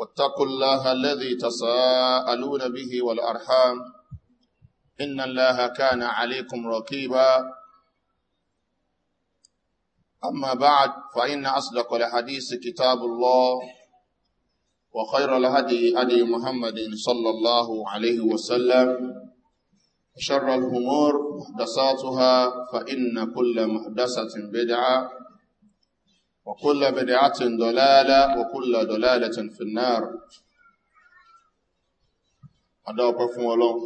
واتقوا الله الذي تساءلون به والأرحام إن الله كان عليكم رقيبا أما بعد فإن أصدق الحديث كتاب الله وخير الهدي هدي محمد صلى الله عليه وسلم شر الأمور محدثاتها فإن كل محدثة بدعة وكل بدعة ضلالة وكل ضلالة في النار أدعوك فم الله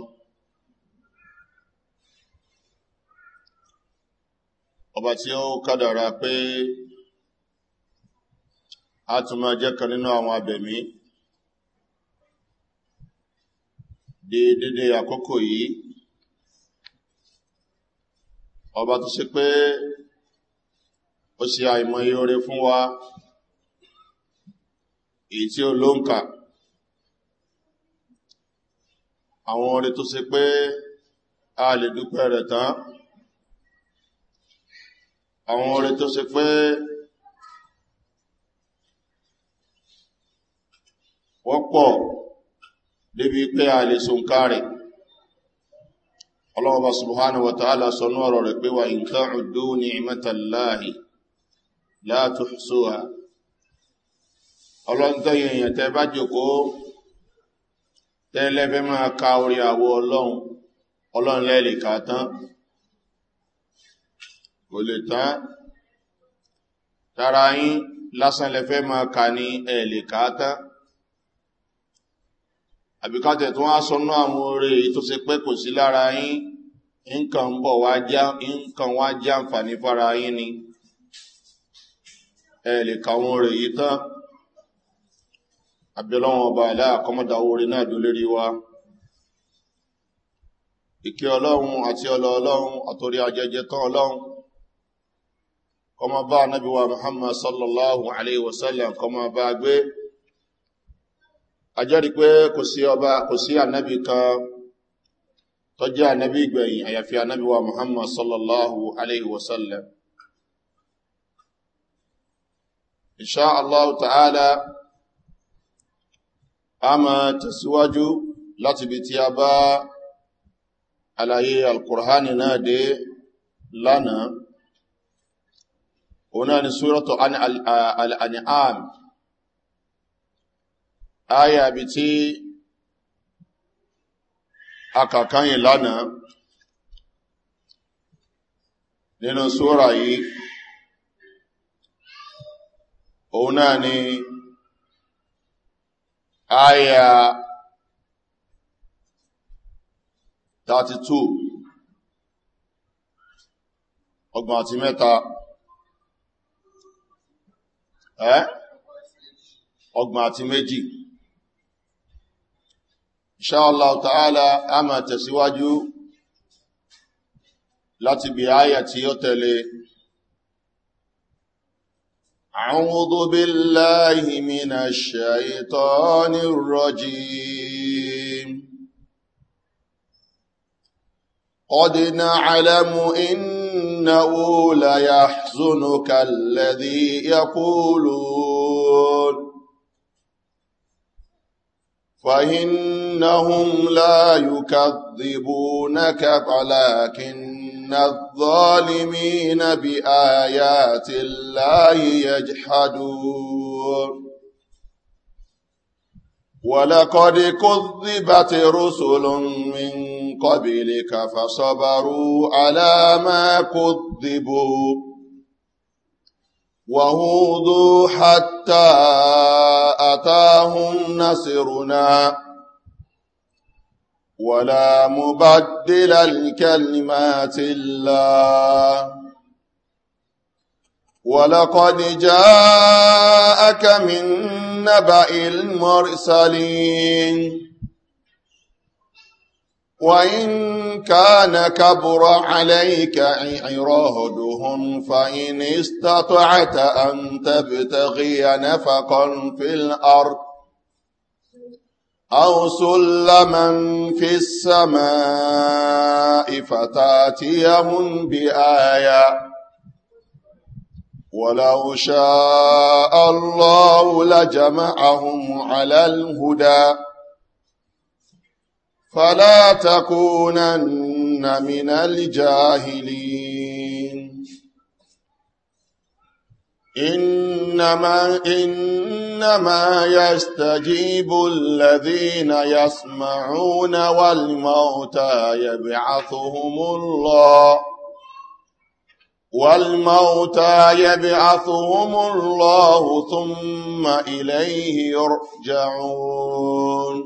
ọba tí ó kádàrà pé a tún máa jẹ́ kan nínú àwọn abẹ̀mí di dédé àkókò yìí ọba tó ṣe pé ó ṣe àìmọ̀ ire fún wa èyí tí ó ló ń kà àwọn orin tó se pé a lè dúpẹ́ rẹ̀ tán àwọn orin tó se pé wọ́pọ̀ débi pé a lè sọǹkà rẹ̀ ọlọ́wọ́ bá subhanahu wa ta'ala sọ ọ̀rọ̀ rẹ̀ pé wa in ta'udu ni imatallahi láàtò ṣóhà ọlọ́ntọ́ èèyàn tẹ bá jòkó tẹ́lẹ́fẹ́ máa ka orí àwọ ọlọ́run ọlọ́run lẹ́lẹ̀ kàtán kò lè tán tara yín lásánlẹ́fẹ́ lẹ́fẹ́ máa ka ní ẹ̀lẹ̀ kàtán àbíkátẹ̀ tó wá sọ́nà àwọn orí tó se pẹ́ kò sí lára yín nǹkan bọ̀ wá já nǹkan ní fara yín ni. ẹ̀lẹ̀ kàwọn rẹ̀ yìí tán àbẹ̀lọ́wọ̀n ọba aláàkọ́mọ́dá orí náà dólérí wa ìkẹ́ ọlọ́run àti ọlọ́ọ̀lọ́run àtorí ajẹjẹ tán ọlọ́run kọmọ bá anábíwa muhammad sallallahu alaihi wasallam kọmọ bá gbé ajẹ́rí pé kò sí ọba kò sí anábí kan tọ́jẹ́ anábí ìgbẹ̀yìn àyàfi anábíwa muhammad sallallahu alaihi wasallam ìṣá aláwọ̀ tààdà a máa tẹ̀síwájú láti bí tí a bá àlàyé alkùrhánì náà dé lánàá ọ̀nà ni súrọ̀tọ̀ al'ani'am aya bí tí a kàkányìn lánàá nínú súra yìí òun náà ni àyà 32 ọgbọ̀n àti mẹ́ta ẹ́ ọgbọ̀n àti méjì ṣáàlá ta'ala a máa tẹ̀síwájú láti bí àyà tí ó tẹ̀lé أعوذ بالله من الشيطان الرجيم قد نعلم إنه ليحزنك الذي يقولون فإنهم لا يكذبونك ولكن إن الظالمين بآيات الله يجحدون ولقد كذبت رسل من قبلك فصبروا على ما كذبوا وهوضوا حتى أتاهم نصرنا ولا مبدل الكلمات الله ولقد جاءك من نبأ المرسلين وإن كان كبر عليك إعراضهم فإن استطعت أن تبتغي نفقا في الأرض أو سلما في السماء فتاتيهم بآية ولو شاء الله لجمعهم على الهدى فلا تكونن من الجاهلين إن إنما, إنما يستجيب الذين يسمعون والموتى يبعثهم الله والموتى يبعثهم الله ثم إليه يرجعون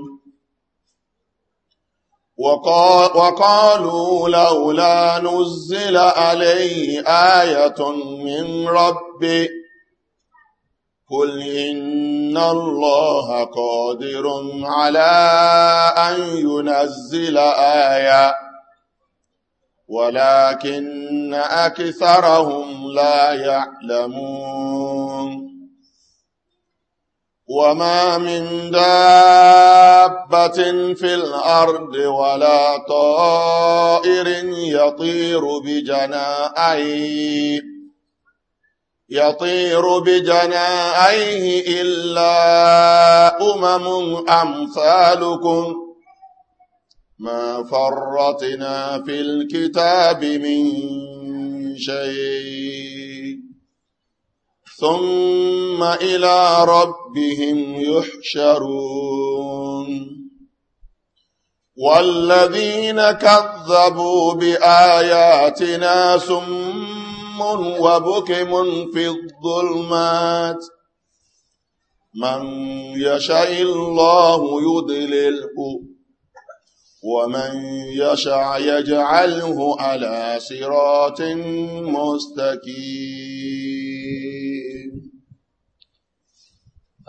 وقالوا لولا نزل عليه آية من ربه قل إن الله قادر على أن ينزل آية ولكن أكثرهم لا يعلمون وما من دابة في الأرض ولا طائر يطير بجنائه يطير بجنائه إلا أمم أمثالكم ما فرطنا في الكتاب من شيء ثم إلى ربهم يحشرون والذين كذبوا بآياتنا ثم صم وبكم في الظلمات من يشاء الله يدلله ومن يشاء يجعله على صراط مستقيم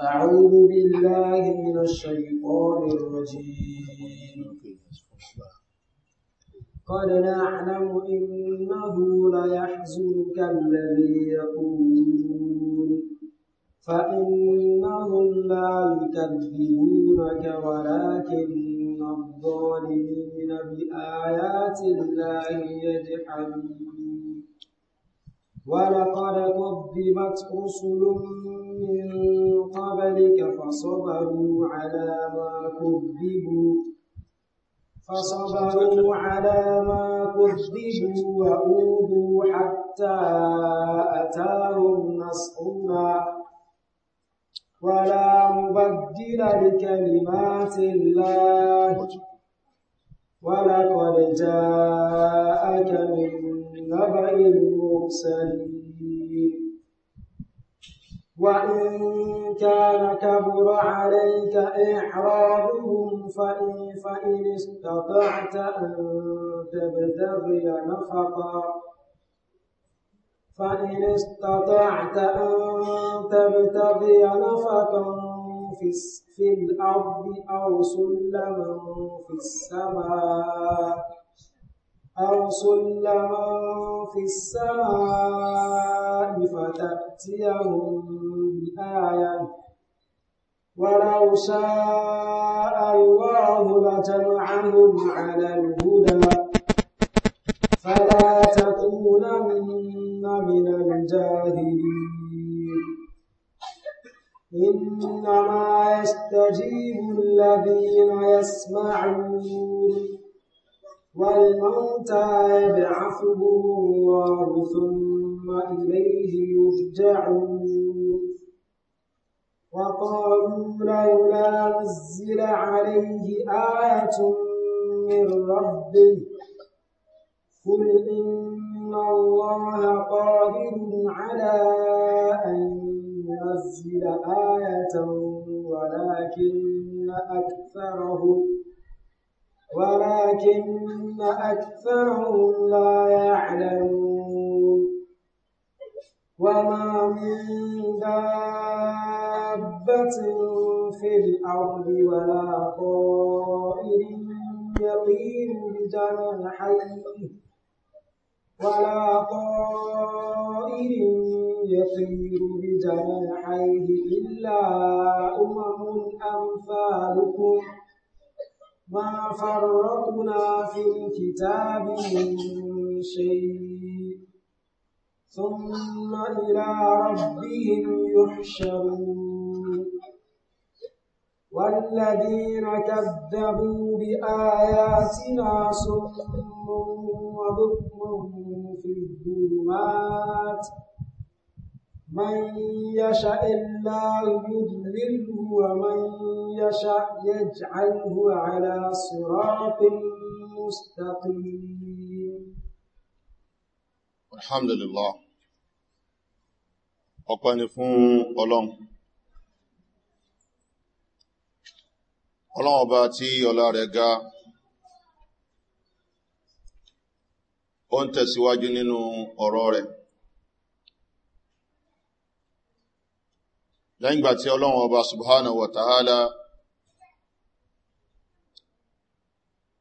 أعوذ بالله من الشيطان الرجيم قد نعلم إنه ليحزنك الذي يقولون فإنهم لا يكذبونك ولكن الظالمين بآيات الله يجحدون ولقد كذبت رسل من قبلك فصبروا على ما كذبوا فصبروا على ما كذبوا وأوذوا حتى أتاهم نصرنا ولا مبدل لكلمات الله ولقد جاءك من نبأ المرسلين وإن كان كبر عليك إعراضهم فإن, فإن استطعت أن تبتغي نفقا فإن استطعت أن تبتغي نفقا في, في الأرض أو سلما في السماء أو سلما في السماء فتأتيهم بآية ولو شاء الله لجمعهم على الهدى فلا تكونن من الجاهلين إنما يستجيب الذين يسمعون والموتى يبعثهم الله ثم إليه يرجعون وقالوا لولا نزل عليه آية من ربه قل إن الله قادر على أن ينزل آية ولكن أكثرهم ولكن أكثرهم لا يعلمون وما من دابة في الأرض ولا طائر يطير بجناحيه ولا طائر يطير بجناحيه إلا أمم أمثالكم ما فرطنا في الكتاب من شيء ثم إلى ربهم يحشرون والذين كذبوا بآياتنا صم وبكم في الظلمات من يشاء الله يضلله ومن يشاء يجعله على صراط مستقيم الحمد لله ọpẹ́ ni fún ọlọ́run ọlọ́run ọba tí ọlá rẹ̀ ga ó ń tẹ̀síwájú nínú ọ̀rọ̀ rẹ̀ lẹ́yìn gbà tí ọlọ́run ọba subhana wa ta'ala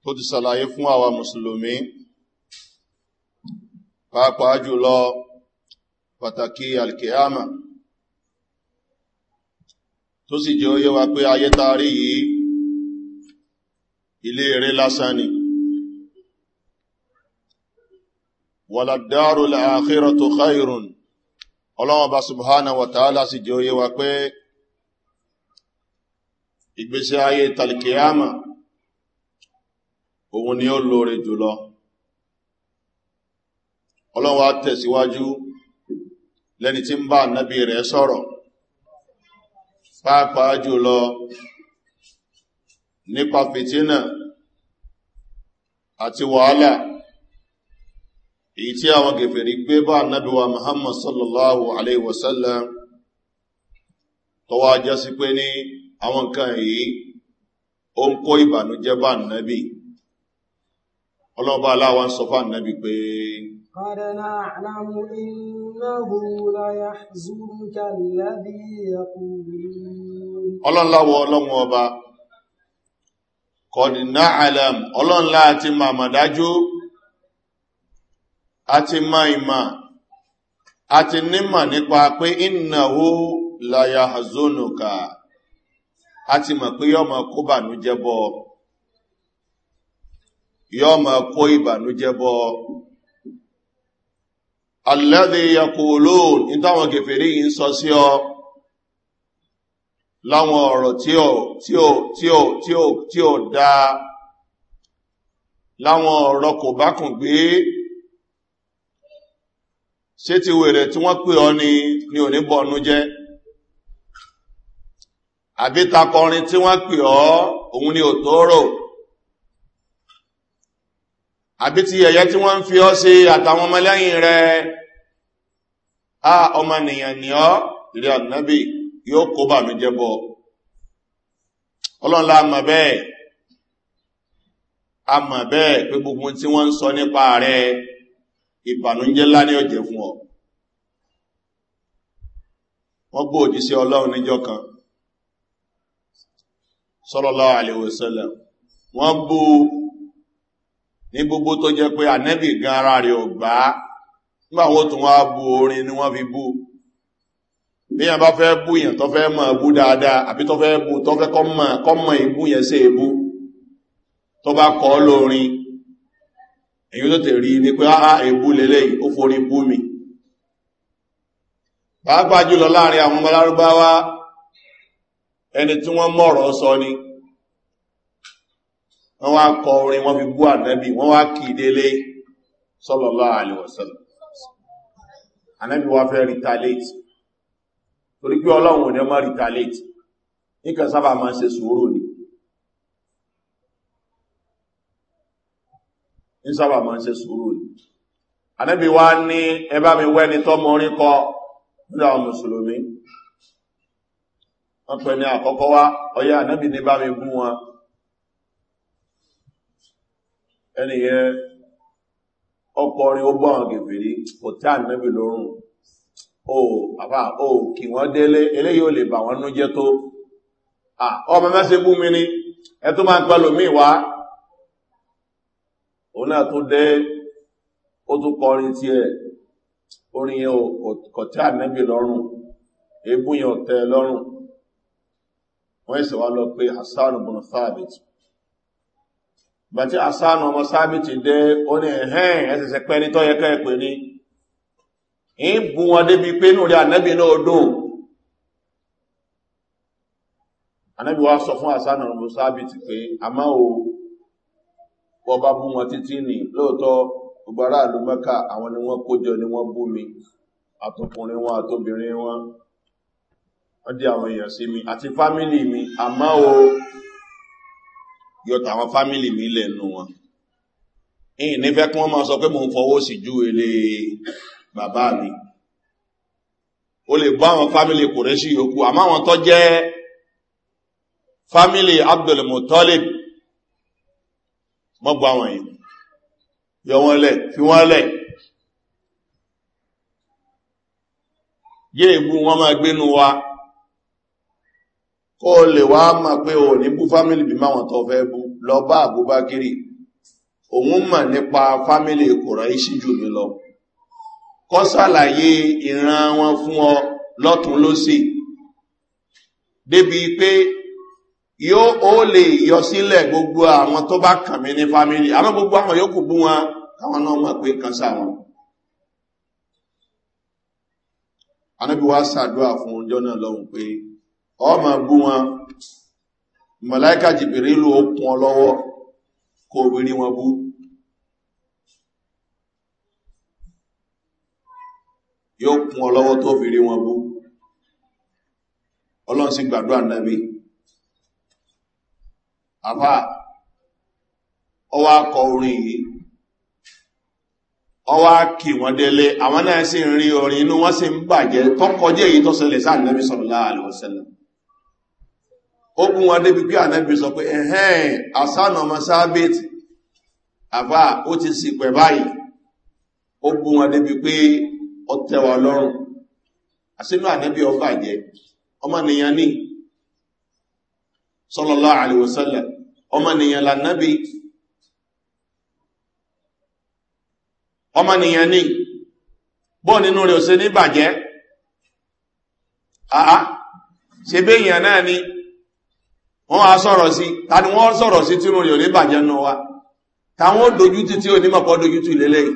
tó ti sàlàyé fún àwa musulmi pàápàá jùlọ pàtàkì alkiyama tó sì jẹ́ oyé wa pé ayé taari yìí ilé eré lásán ni wàlàdáàrù làákírọ̀ tó khairun ọlọ́wọ́n bá subhana wa ta'ala sì jẹ́ oye wa pé ìgbésí ayé talkiyama òun ni ó lóore jùlọ ọlọ́wọ́n á tẹ̀síwájú lẹ́ni tí ń bá nábi rẹ̀ sọ́rọ̀ pàápàá jùlọ nípa fìtínà àti wàhálà èyí tí àwọn gẹ̀fẹ̀rí gbé bá nábíwa muhammad sallallahu alaihi wasallam tọwọ́ ajá sí pé ní àwọn nǹkan èyí ó ń kó ìbànújẹ́ bá nábí ọlọ́ba aláwọn sọ fà nábí pé ọlọ́nláwọ̀ ọlọ́run ọba kọ̀dínà àlàm ọlọ́nlá àti màmàdájú àti ma ìmà àti nímà nípa pé ìnáwó láyà zonuka àti mọ̀ pé yọ́mọ kó bànújẹ́ bọ́ yọ́mọ kó ìbànújẹ́ bọ́ alẹ́dẹ̀ yakolo nítàwọn kèfèrí yìí ń sọ sí ọ láwọn ọ̀rọ̀ tí ó tí ó tí ó tí ó tí ó dáa láwọn ọ̀rọ̀ kò bákùn gbé ṣé ti wèrè tí wọ́n pè ọ ni ni ò ní bọ̀nú jẹ́ àbí takọrin tí wọ́n pè ọ òun ni ò tó rò àbí ti ẹ̀yẹ́ tí wọ́n ń fi ọ́ sí àtàwọn ọmọlẹ́yìn rẹ̀ ọmọ nìyàn ní ọ́ ìrẹ́ ànábì yóò kó bà mí jẹ́bọ̀ ọlọ́nlá àmà bẹ́ẹ̀ àmà bẹ́ẹ̀ pé gbogbo tí wọ́n ń sọ nípa rẹ̀ ìbànújẹ́ ńlá ní ọ̀jẹ̀ fún ọ wọ́n gbọ́ òjí sí ọlọ́run níjọ́ kan sọ́lọ́lọ́ àlèwòsẹ́lẹ̀ wọ́n bú ní gbogbo tó jẹ́ pé ànẹ́bì gan ara rẹ̀ ọ̀gbá nígbà wọ́n wá bú orin ni wọ́n fi bú bí yàn bá fẹ́ bú yàn tó fẹ́ mọ̀ bú dáadáa àbí tó fẹ́ bú tó fẹ́ kọ́ mọ̀ ìbú yẹn sí ìbú tó bá kọ́ lórin èyí tó tẹ̀ rí ní pé áá èbú lẹ́lẹ́yìn ó forí bú mi pàápàá jùlọ láàrin àwọn ọmọ lárúbáwá ẹni tí wọ́n mọ̀rọ̀ sọ ni wọ́n wá kọ orin wọ́n fi bú ànẹ́bì wọ́n wá kì í délé sọ́lọ̀lá àlèwọ̀sọ́lọ̀ ní sábà máa ń ṣe sùúrù ní ànábì wá ní ẹbá mi wẹ́ ní tọ́mọ orí kọ nílò àwọn mùsùlùmí wọ́n pẹ̀ ní àkọ́kọ́ wá ọyá ànábì ní bá mi gún wọn ẹniyẹ ọkọrin ó bọ́ gẹ̀fẹ̀rí kò tí ànábì lórùn o àbá o kì wọ́n délé eléyìí ò lè bà wọ́n nú jẹ́ tó ọmọ mẹ́sẹ̀ bú mi ni ẹ tó máa ń pẹ́ lómi wá náà tó dé ó tún kọrin tí ẹ orin yẹn kọ̀tẹ́ ànẹ́bì lọ́rùn eégún yẹn ọ̀tẹ́ lọ́rùn wọ́n ẹ̀sẹ̀ wá lọ pé hassan bùn thabit bàtí hassan ọmọ thabit dé ó ní ẹ̀hẹ́n ẹ̀sẹ̀sẹ̀ pẹ́ ní tọ́yẹ́kẹ́ ẹ̀pẹ́ ní ń bú wọn débi pé rí ànẹ́bì náà ànẹ́bì wá sọ fún ọmọ wọ́n bá bú wọn títí nì lóòótọ́ gbogbo aráàlú mẹ́ka àwọn ni wọ́n kójọ ni wọ́n bú mi àtọkùnrin wọn àtobìnrin wọn wọ́n di àwọn èèyàn sí mi àti fámìlì mi àmọ́ o yọta àwọn fámìlì mi lẹ́nu wọn ìyìn nífẹ́ kí wọ́n máa sọ pé mò ń fọwọ́ sí ju èlé bàbá mi o lè bá àwọn fámìlì kò rẹ́ sí yòókù àmọ́ àwọn tó jẹ́ fámìlì abdulmutalib mọ́gbà wọn yìí yọ wọn lẹ̀ fi wọ́n lẹ̀ yé ìbú wọn máa gbénu wa kó o lè wá máa pé o ní bú fámílì bí máwọn tó fẹ́ bú lọ bá àbúbákiri òun mọ̀ nípa fámílì ìkòrò ìṣíjù mi lọ kọ́ sàlàyé ìran wọn fún ọ lọ́tún lọ́sì débi pé yóò ó lè yọ sílẹ̀ gbogbo àwọn tó bá kàn mí ní fámílì àwọn gbogbo àwọn yóò bú wọn káwọn náà mọ̀ pé kan sáwọn anábí wá sàdúrà fún ọjọ́ náà lọ́hùn pé wọn ọ lọ́wọ́ kó obìnrin wọn bú yóò kún lọ́wọ́ tó wọn bú ọlọ́run gbàdúrà náà àfá ọwá kọ orin yìí ọwá kì wọ́n délé àwọn náà sì rí orin inú wọ́n sì ń bàjẹ́ tọ́kọjẹ́ èyí tó sẹlẹ̀ sáà nẹ́bí sọ̀rọ̀lá àlùsẹ̀lẹ̀ wọn débi pé ànẹ́bí sọ pé ẹ̀hẹ́n àsánà ọmọ sábẹ́tì àfá ó ti sì pẹ̀ báyìí ó wọn débi pé ọ tẹwà lọ́rùn àsínú ànẹ́bí ọba jẹ ọmọ nìyàn ní ọmọnìyàn lànábí ọmọnìyàn ní bọ́ nínú rẹ̀ òsè ní bàjẹ́ àá ṣe bé èèyàn náà ni wọ́n wá sọ̀rọ̀ sí tàbí wọ́n sọ̀rọ̀ sí tí rúnrìn òní bàjẹ́ náà wá táwọn dojútì tí onímọ̀pọ̀ dojútì lélẹ̀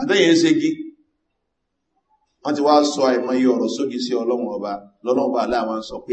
àtẹ́yìn ṣe gí wọ́n ti wá sọ àìmọye ọ̀rọ̀ sógi sí ọlọ́run ọba lọ́lọ́run ọba aláà wọ́n sọ pé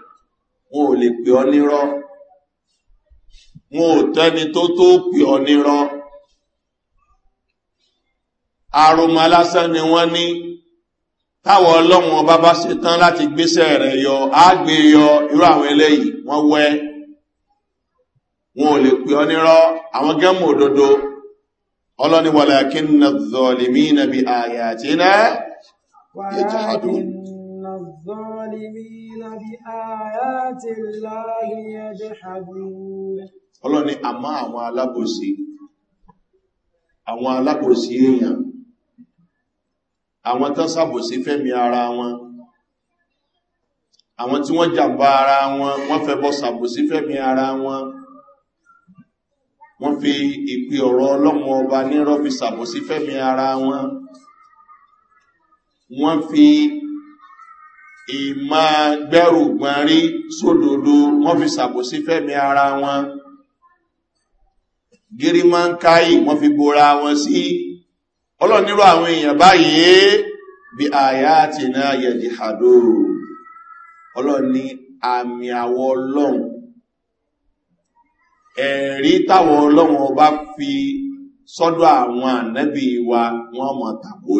wọn ò lè pè ọ nírọ́ wọn ò tẹni tó tó pè ọ nírọ́ aroma lásán ni wọn ní táwọn ọlọ́wọ́n bá bá ṣe tán láti gbéṣẹ́ rẹ̀ yọ ágbé e yọ irú àwọn eléyìí wọ́n wẹ́ wọn ò lè pè ọ nírọ́ àwọn gẹ́mù òdodo ọlọ́ni nàbí الظالمين بآيات الله يجحدون Ọlọ́run ni àmá àwọn alábòsí, àwọn alábòsí èèyàn, àwọn tán sàbòsí fẹ́mi ara wọn, àwọn tí wọ́n jàmbá ara wọn, wọ́n fẹ́ bọ́ sàbòsí fẹ́mi ara wọn, wọ́n fi ìpí ọ̀rọ̀ ọlọ́mọ ọba nírọ́ fi sàbòsí fẹ́mi ara wọn, wọ́n fi ìmọ̀ gbẹ́rù gbọ́n rí sódòdó wọ́n fi sàbòsí fẹ́mi ara wọn gírí máa ń káyì wọ́n fi bóra wọn sí ọlọ́nírò àwọn èèyàn báyìí bí àyà àti iná yẹ̀dì àdóòrò ọlọ́ni àmì àwọ ọlọ́run ẹ̀rí táwọn ọlọ́run ọba fi sọ́dọ̀ àwọn ànẹ́bí wa wọ́n mọ̀ tàbó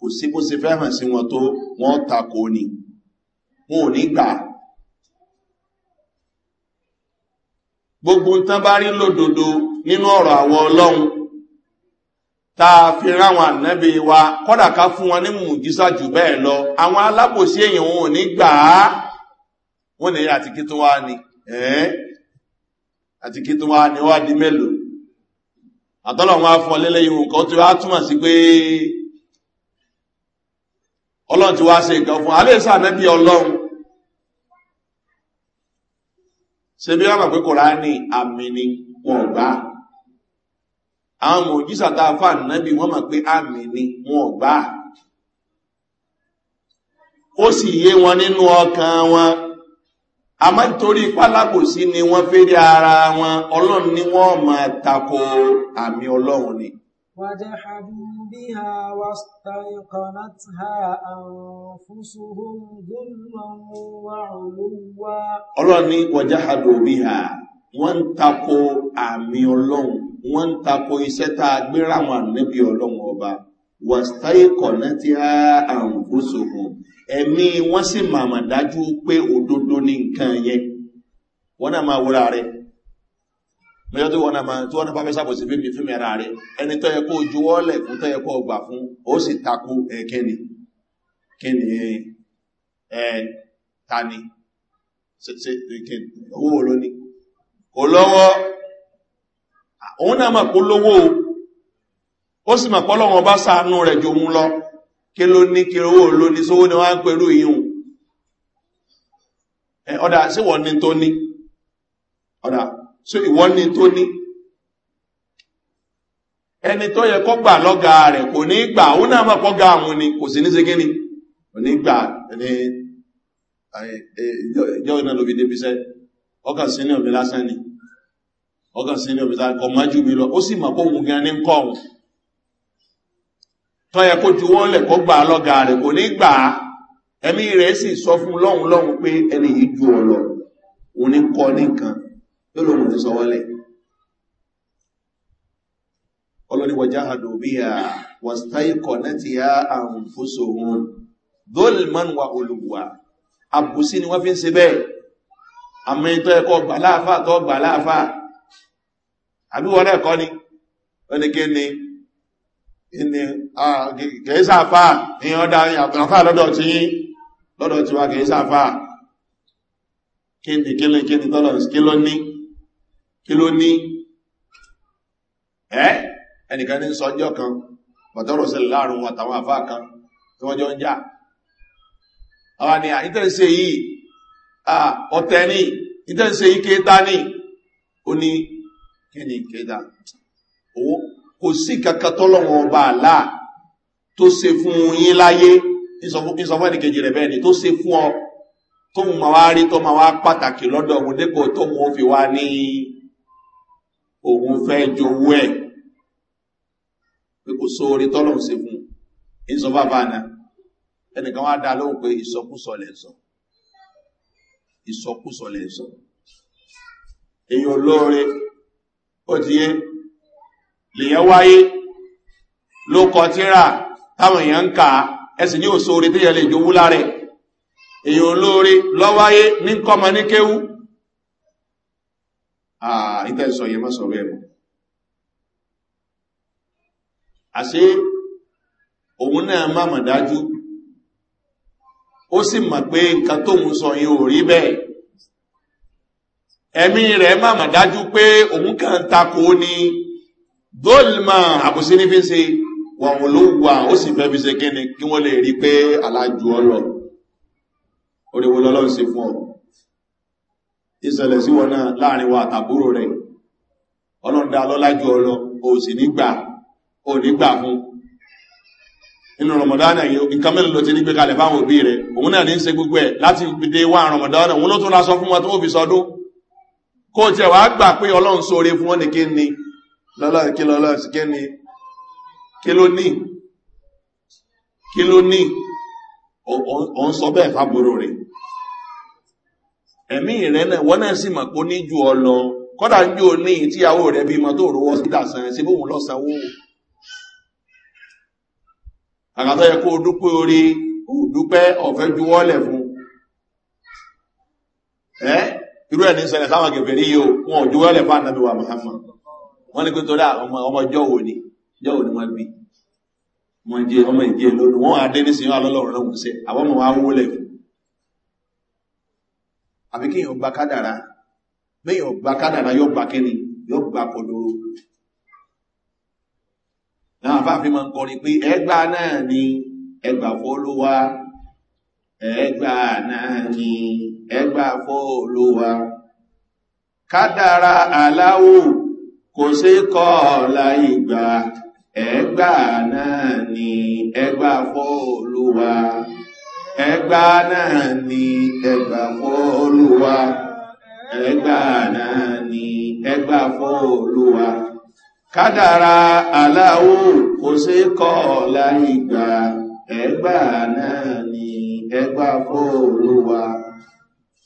kò sí bó ṣe fẹ́ hàn sí wọn tó wọ́n takò ní wọn ò ní gbà gbogbo tán bá rí lòdòdó nínú ọ̀rọ̀ àwọn ọlọ́run táa fi ráwọn ànábì wa kọ́dà ká fún wọn ní mùjísà jù bẹ́ẹ̀ lọ àwọn alábòsí èèyàn wọn ò ní gbà á wọ́n lè àti kí tó wá ní ẹ́ àti kí tó wá ní wá di mélòó àtọ́lọ̀ á fún ọ lélẹ́yìn nǹkan tí wọ́n á túmọ̀ sí pé ọlọ́run ti wá ṣe nǹkan fún aléṣà nẹ́bí ọlọ́run ṣe bí wọ́n mọ̀ pé kòrá ní àmì ni wọ́n gbá àwọn ọmọ òjísà tá a fà nẹ́bí wọ́n mọ̀ pé àmì ni wọ́n gbá ó sì yé wọn nínú ọkàn wọn àmọ́ nítorí pálákòsí ni wọ́n fẹ́rẹ́ ara wọn ọlọ́run ni wọ́n mọ̀ tako àmì ọlọ́run ni wàjáhàbù بها واستيقنتها أنفسهم ظلما وعلوا ọlọ́ni wọ̀jáhàdù bíhà wọ́n ń tako àmì ọlọ́run wọ́n ń tako iṣẹ́ tá a gbéra wọn níbi ọlọ́run ọba wàstáìkọ̀nẹ́tìhá àǹfóṣòhùn ẹ̀mí wọ́n sì màmà dájú pé òdodo ní nǹkan yẹn wọ́n náà máa wúra rẹ̀ lọ́jọ́ tó wọ́nà tí wọ́n bá fẹ́ sàbòsí bíbi fún mẹ́ra rẹ̀ ẹni tó yẹ kó juwọ́ lẹ̀ fún tó yẹ kó gbà fún ó sì takó ẹ kíni kíni ẹ tani owó lóní kò lọ́wọ́ òun náà ni wọ́n á pẹ̀lú ìyún ọ̀dà síwọ̀ ní tó ní ọ̀dà so ìwọ ni tó ní ẹni tó yẹ kọ́ gbà lọ́gà rẹ̀ kò ní gbà ó náà mọ̀ kọ́ ga àwọn ni kò sí ní ṣe kíni kò ní gbà ní ìjọ iná ló débi sẹ́ ọkà sí ní òbí lásán ni ọkà sí ní òbí lásán kọ̀ má jù mí lọ ó sì mọ̀ kó wù gan ní ń kọ́ ọ̀hún tó yẹ kó ju wọ́n lẹ̀ kọ́ gbà lọ́gà rẹ̀ kò ní gbà á rẹ̀ sì sọ fún lọ́hùn lọ́hùn pé ẹni yìí ju ọ̀lọ́ òní kọ́ nìkan yóò lóhun ti sọ wọ́lẹ̀ ọlọ́niwọjá àdòbíyà wàstáìkọ̀ láti yá àrùn fóso wọn dolman wa olùwà àbùsí ni wọ́n fi ń se bẹ́ẹ̀ àmì ìtọ́ ẹ̀kọ́ gbà láàfà ni wọ́n ni kí ni ni kẹ̀ẹ́sàfà ni ọ̀dá àfà lọ́dọ̀ tí kí ni kí ni tọ́lọ̀ kí ló ní kí ló ní ẹ́ ẹnìkan ní sọjọ́ kan pàtọ́rọ̀ sí láàrin àtàwọn àfá kan tí wọ́n jọ ń já àwọn ni àìtẹ́sẹ̀ yìí ọ̀tẹ́ ní ìtẹ́sẹ̀ yìí kéta ní ó ní kí ni kéta kò sí kankan tọ́lọ́wọ́n ọba àlá tó se fún yín láyé ìsọfún ẹnìkejì rẹ̀ bẹ́ẹ̀ ni tó se fún ọ tóun ma wá rí tó ma wá pàtàkì lọ́dọ̀ òun dépò tóun ó fi wá ní òun fẹ́ jowó ẹ̀ pé kò sóore tọ́lọ̀hún sí fún ìsọ bàbá náà ẹnìkan wá dá lóhùn pé ìsọkúsọ lẹ̀ sọ ìsọkúsọ lẹ̀ sọ èyàn olóore ó ti yé lèyàn wáyé ló kọ tíra táwọn èèyàn ń kà ẹsìn ní òṣòore tí yẹn lè jowú lára èyàn olóore lọ́wáyé ní kọ́mọ ní kéwú ìtẹ́sọ yẹ mọ́ sọ̀rọ̀ ẹ̀mù àṣé òun náà má mọ̀ dájú ó sì mọ̀ pé nǹkan tóun sọ yìí ò rí bẹ́ẹ̀ ẹ̀mí rẹ̀ má mọ̀ dájú pé òun kàn takò ní dólmà àbòsí ní fi ń se ló wà ó sì fẹ́ fi se kí wọ́n lè rí pé alájú ọlọ oríwọlọ́lọ́ ń se fún ọ ìṣẹ̀lẹ̀ sí wọn náà láàrin wa àtàbúrò rẹ̀ ọlọ́dá lọ́lájú ọlọ o sì nígbà o nígbà fún inú rọmọdánà yìí nǹkan mẹ́lẹ̀ ló ti ní gbékalẹ̀ fáwọn òbí rẹ̀ òun náà ní ń se gbogbo ẹ̀ láti dé wá rọmọdánà òun ló tún lásọ fún wọn tó fi sọdún kó tiẹ̀ wá gbà pé ọlọ́run sóore fún wọn ní kí ni lọ́lọ́run kí lọ́lọ́run ẹ̀mí rẹ̀ náà wọ́n náà sì mọ̀ ní ju ọ lọ kọ́dà ń jó ní tíyàwó rẹ̀ bí mọ́ tó rówọ́ sí dàsán sí bóun lọ́sànwó àgàtọ́ yẹ kó dúpẹ́ orí òdúpẹ́ ọ̀fẹ́ juwọ́lẹ̀ fún ẹ́ irú ẹ̀ ní sẹlẹ̀ sáwọn rí yóò wọn ò fún pé ọmọ wo ni ọjọ́ wo ni wọ́n bí wọ́n jẹ́ ọmọ ìjẹ́ lónìí wọ́n alọ́lọ́run náà àbí kí yíò gba kádàrá bẹ́yìn ò gba kádàrá yóò gba kíni yóò gba kòdòrò náà àfáàfin ma ń kọrin pé ẹgbà náà ni ẹgbà fọ́lówà ẹgbà náà ni ẹgbà fọ́lówà kádàrá aláwò kò sí kọ́ láìgbà ẹgbà náà ni ẹgbà fọ́lówà ẹgbà náà ni ẹgbà fọ́ọ̀lúwa ẹgbà náà ni ẹgbà fọ́ọ̀lúwa kádàrà aláwò kò sí kọ́ láì gbà ẹgbà náà ni ẹgbà fọ́ọ̀lúwa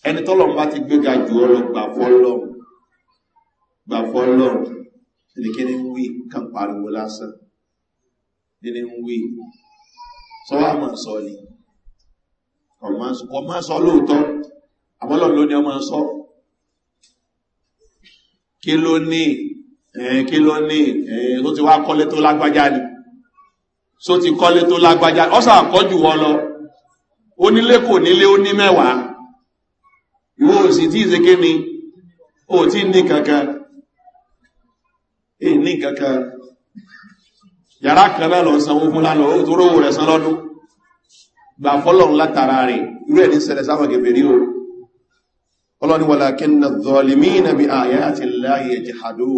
ẹni tọ́lọ̀ bá ti gbéga jù ọ lọ gbà fọ́lọ̀ gbà fọ́lọ̀ ìdíkíní ń wí kan pariwo lásán ìdíkíní ń wí sọ́wọ́ àmọ̀ sọ ni. So, ọmọ máa sọ lóòótọ́ àmọ́lọ̀ ló ní ọmọ sọ kí ló ní kí ló ní ti wá kọ́lé tó lágbájá ni so ti kọ́lé tó lágbájá ọ́sà akọju wọ́n lọ onílé kò nílé ó ní mẹ́wàá ìwọ òsì tí ni ó tí ní kankan yàrá kan náà lọ sanwó fún lánàá ó gbà fọ́lọ̀run látara rẹ̀ irú ẹ̀ ní sẹlẹ̀ sáwọn gẹ̀bẹ̀ rí o ọlọ́ni wà lákín na zọlìmí na bí ayá àti láyé jihadó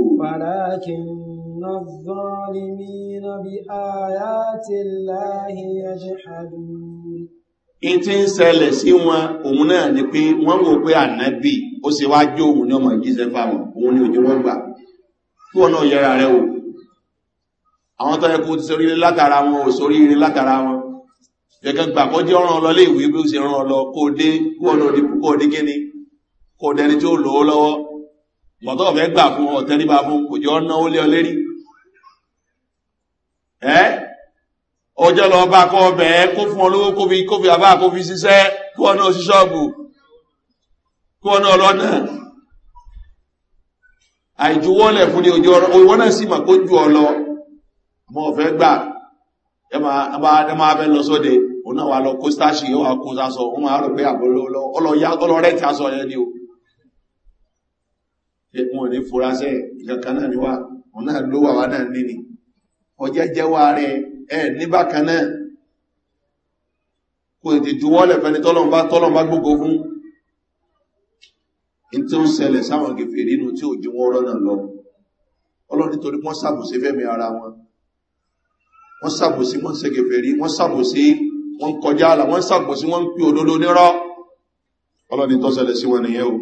in ti ń sẹlẹ̀ sí wọn òun náà ni pé wọ́n mọ̀ pé ànábì ó sì wá jó òun ní ọmọ ìjíṣẹ́ fáwọn òun ni òjò wọ́n gbà kí wọ́n náà yẹra rẹ̀ wò àwọn tó yẹ kó ti látara wọn ò sorí látara wọn yẹ̀kẹ́ gbà kọ́ jẹ́ ọ̀ràn ọlọ́lé ìwé bí ó ṣe ràn ọlọ kó dé kó ọ̀nà òdì púpọ̀ òdì kíni kó dẹni tí ó lò ó lọ́wọ́ bọ̀tọ̀ ọ̀fẹ́ gbà fún ọ̀tẹ́ nípa fún kò jẹ́ ọ̀nà ó lé ọ lérí ẹ́ ọjọ́ lọ bá kọ́ ọbẹ̀ ẹ́ kó fún ọlọ́wọ́ kó fi kó fi àbá kó fi ṣiṣẹ́ kó ọ̀nà òṣì ṣọ́ọ̀bù kó ọ̀nà ọlọ́nà àìjúwọ́lẹ̀ fún ní ojú ọ̀rọ̀ òwò náà sì mà kó ju ọ ọmọ ọ̀fẹ́ gbà ẹ máa fẹ́ lọ sóde. So òun náà wà lọ kó stáṣì yóò wà kó sásọ wọn máa rò pé àbọ̀lọ́lọ́ ọlọ́rẹ́ ti aṣọ yẹn ni o wọn ní furasẹ́ ìkankan ni wà òun náà ló wà wá náà níní ọjẹ́ jẹ́wà rẹ̀ ẹ̀ níbàkan náà kò ètè juwọ́lẹ̀ fẹ́ni tọ́lọ̀mbá tọ́lọ̀mbá gbogbo fún in tí ó ń sáwọn gẹ̀fẹ̀ nínú tí ò juwọ́ rọ́nà lọ wọ́n sàbòsí wọ́n sàbòsí rí wọ́n sàbòsí wọ́n kọjá àlà wọ́n sàpọ̀sí wọ́n ń pè òdodo nírọ́ ọlọ́ni tó sẹlẹ̀ sí wọn nìyẹn o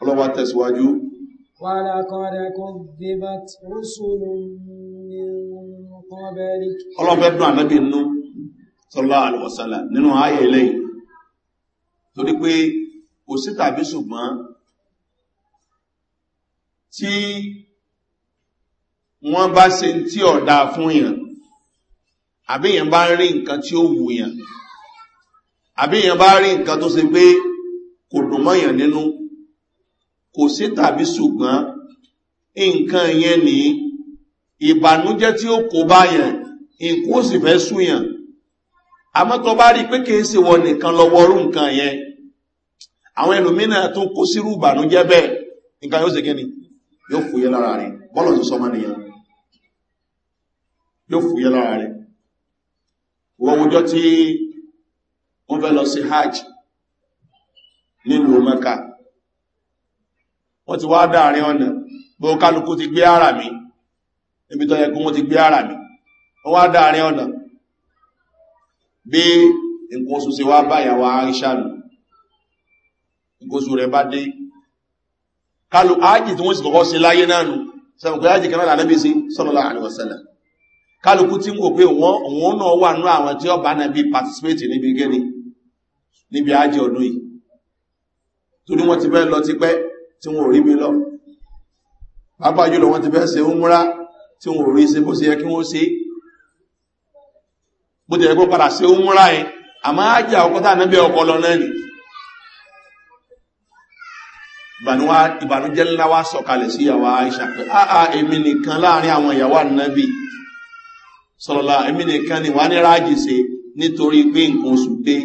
ọlọ́wà tẹ̀síwájú. ọlọ́fẹ́ dùn ànábì nínú sọlá àlùwọ̀sálà nínú ayé eléyìí torí pé kò sí tàbí ṣùgbọ́n tí wọ́n bá se tí ọ̀dà fún yàn àbíyàn bá rí nǹkan tí ó àbí àbíyàn bá rí nǹkan tó se pé kò dùn mọ́yàn nínú kò sí tàbí ṣùgbọ́n nǹkan yẹn n'i. ìbànújẹ́ tí ó kó báyàn nǹkan ó sì fẹ́ súyàn àmọ́tọ́ bá rí pé kìí sì wọ nìkan nǹkan yẹn àwọn ẹlòmínà tó kó sírú ìbànújẹ́ bẹ́ẹ̀ nǹkan yóò kí ni yóò fòye lára bọ́lọ̀ tó sọmọ nìyàn yóò fòye lára wọ́wọ́jọ́ tí wọ́n fẹ́ lọ sí hajj nílùú mẹ́ka wọ́n ti wá dáàrin ọ̀nà bó kálukú ti gbé ara mi níbi tó yẹ kí wọ́n ti gbé ara mi wọ́n wá dáàrin ọ̀nà bí nǹkan oṣù sí wá báyàwó àríṣàlù nǹkan rẹ̀ bá dé kálù ájì tí wọ́n sì kọ́kọ́ sí láyé náà nù sọ kálukú tí ń wò pé wọ́n òun náà wà ní àwọn tí ọba náà bí participate níbi gẹ́ni níbi ajé ọdún yìí tó ní wọ́n ti fẹ́ lọ tipẹ́ tí wọ́n rí mi lọ pápá jùlọ wọ́n ti fẹ́ se múra tí wọ́n rí se bó se yẹ kí wọ́n se bó ti yẹ kó padà se múra yẹn àmọ́ ajé ọkọ tá ànábẹ́ ọkọ lọ náà ni ìbànújẹ́ ńlá wa sọ̀kalẹ̀ sí ìyàwó aisha pé áà èmi nìkan láàrin àwọn ìyàwó ànábì sọ̀rọ̀lá èmi nìkan ni wà ní ráàjì sí nítorí pé nǹkan oṣù dé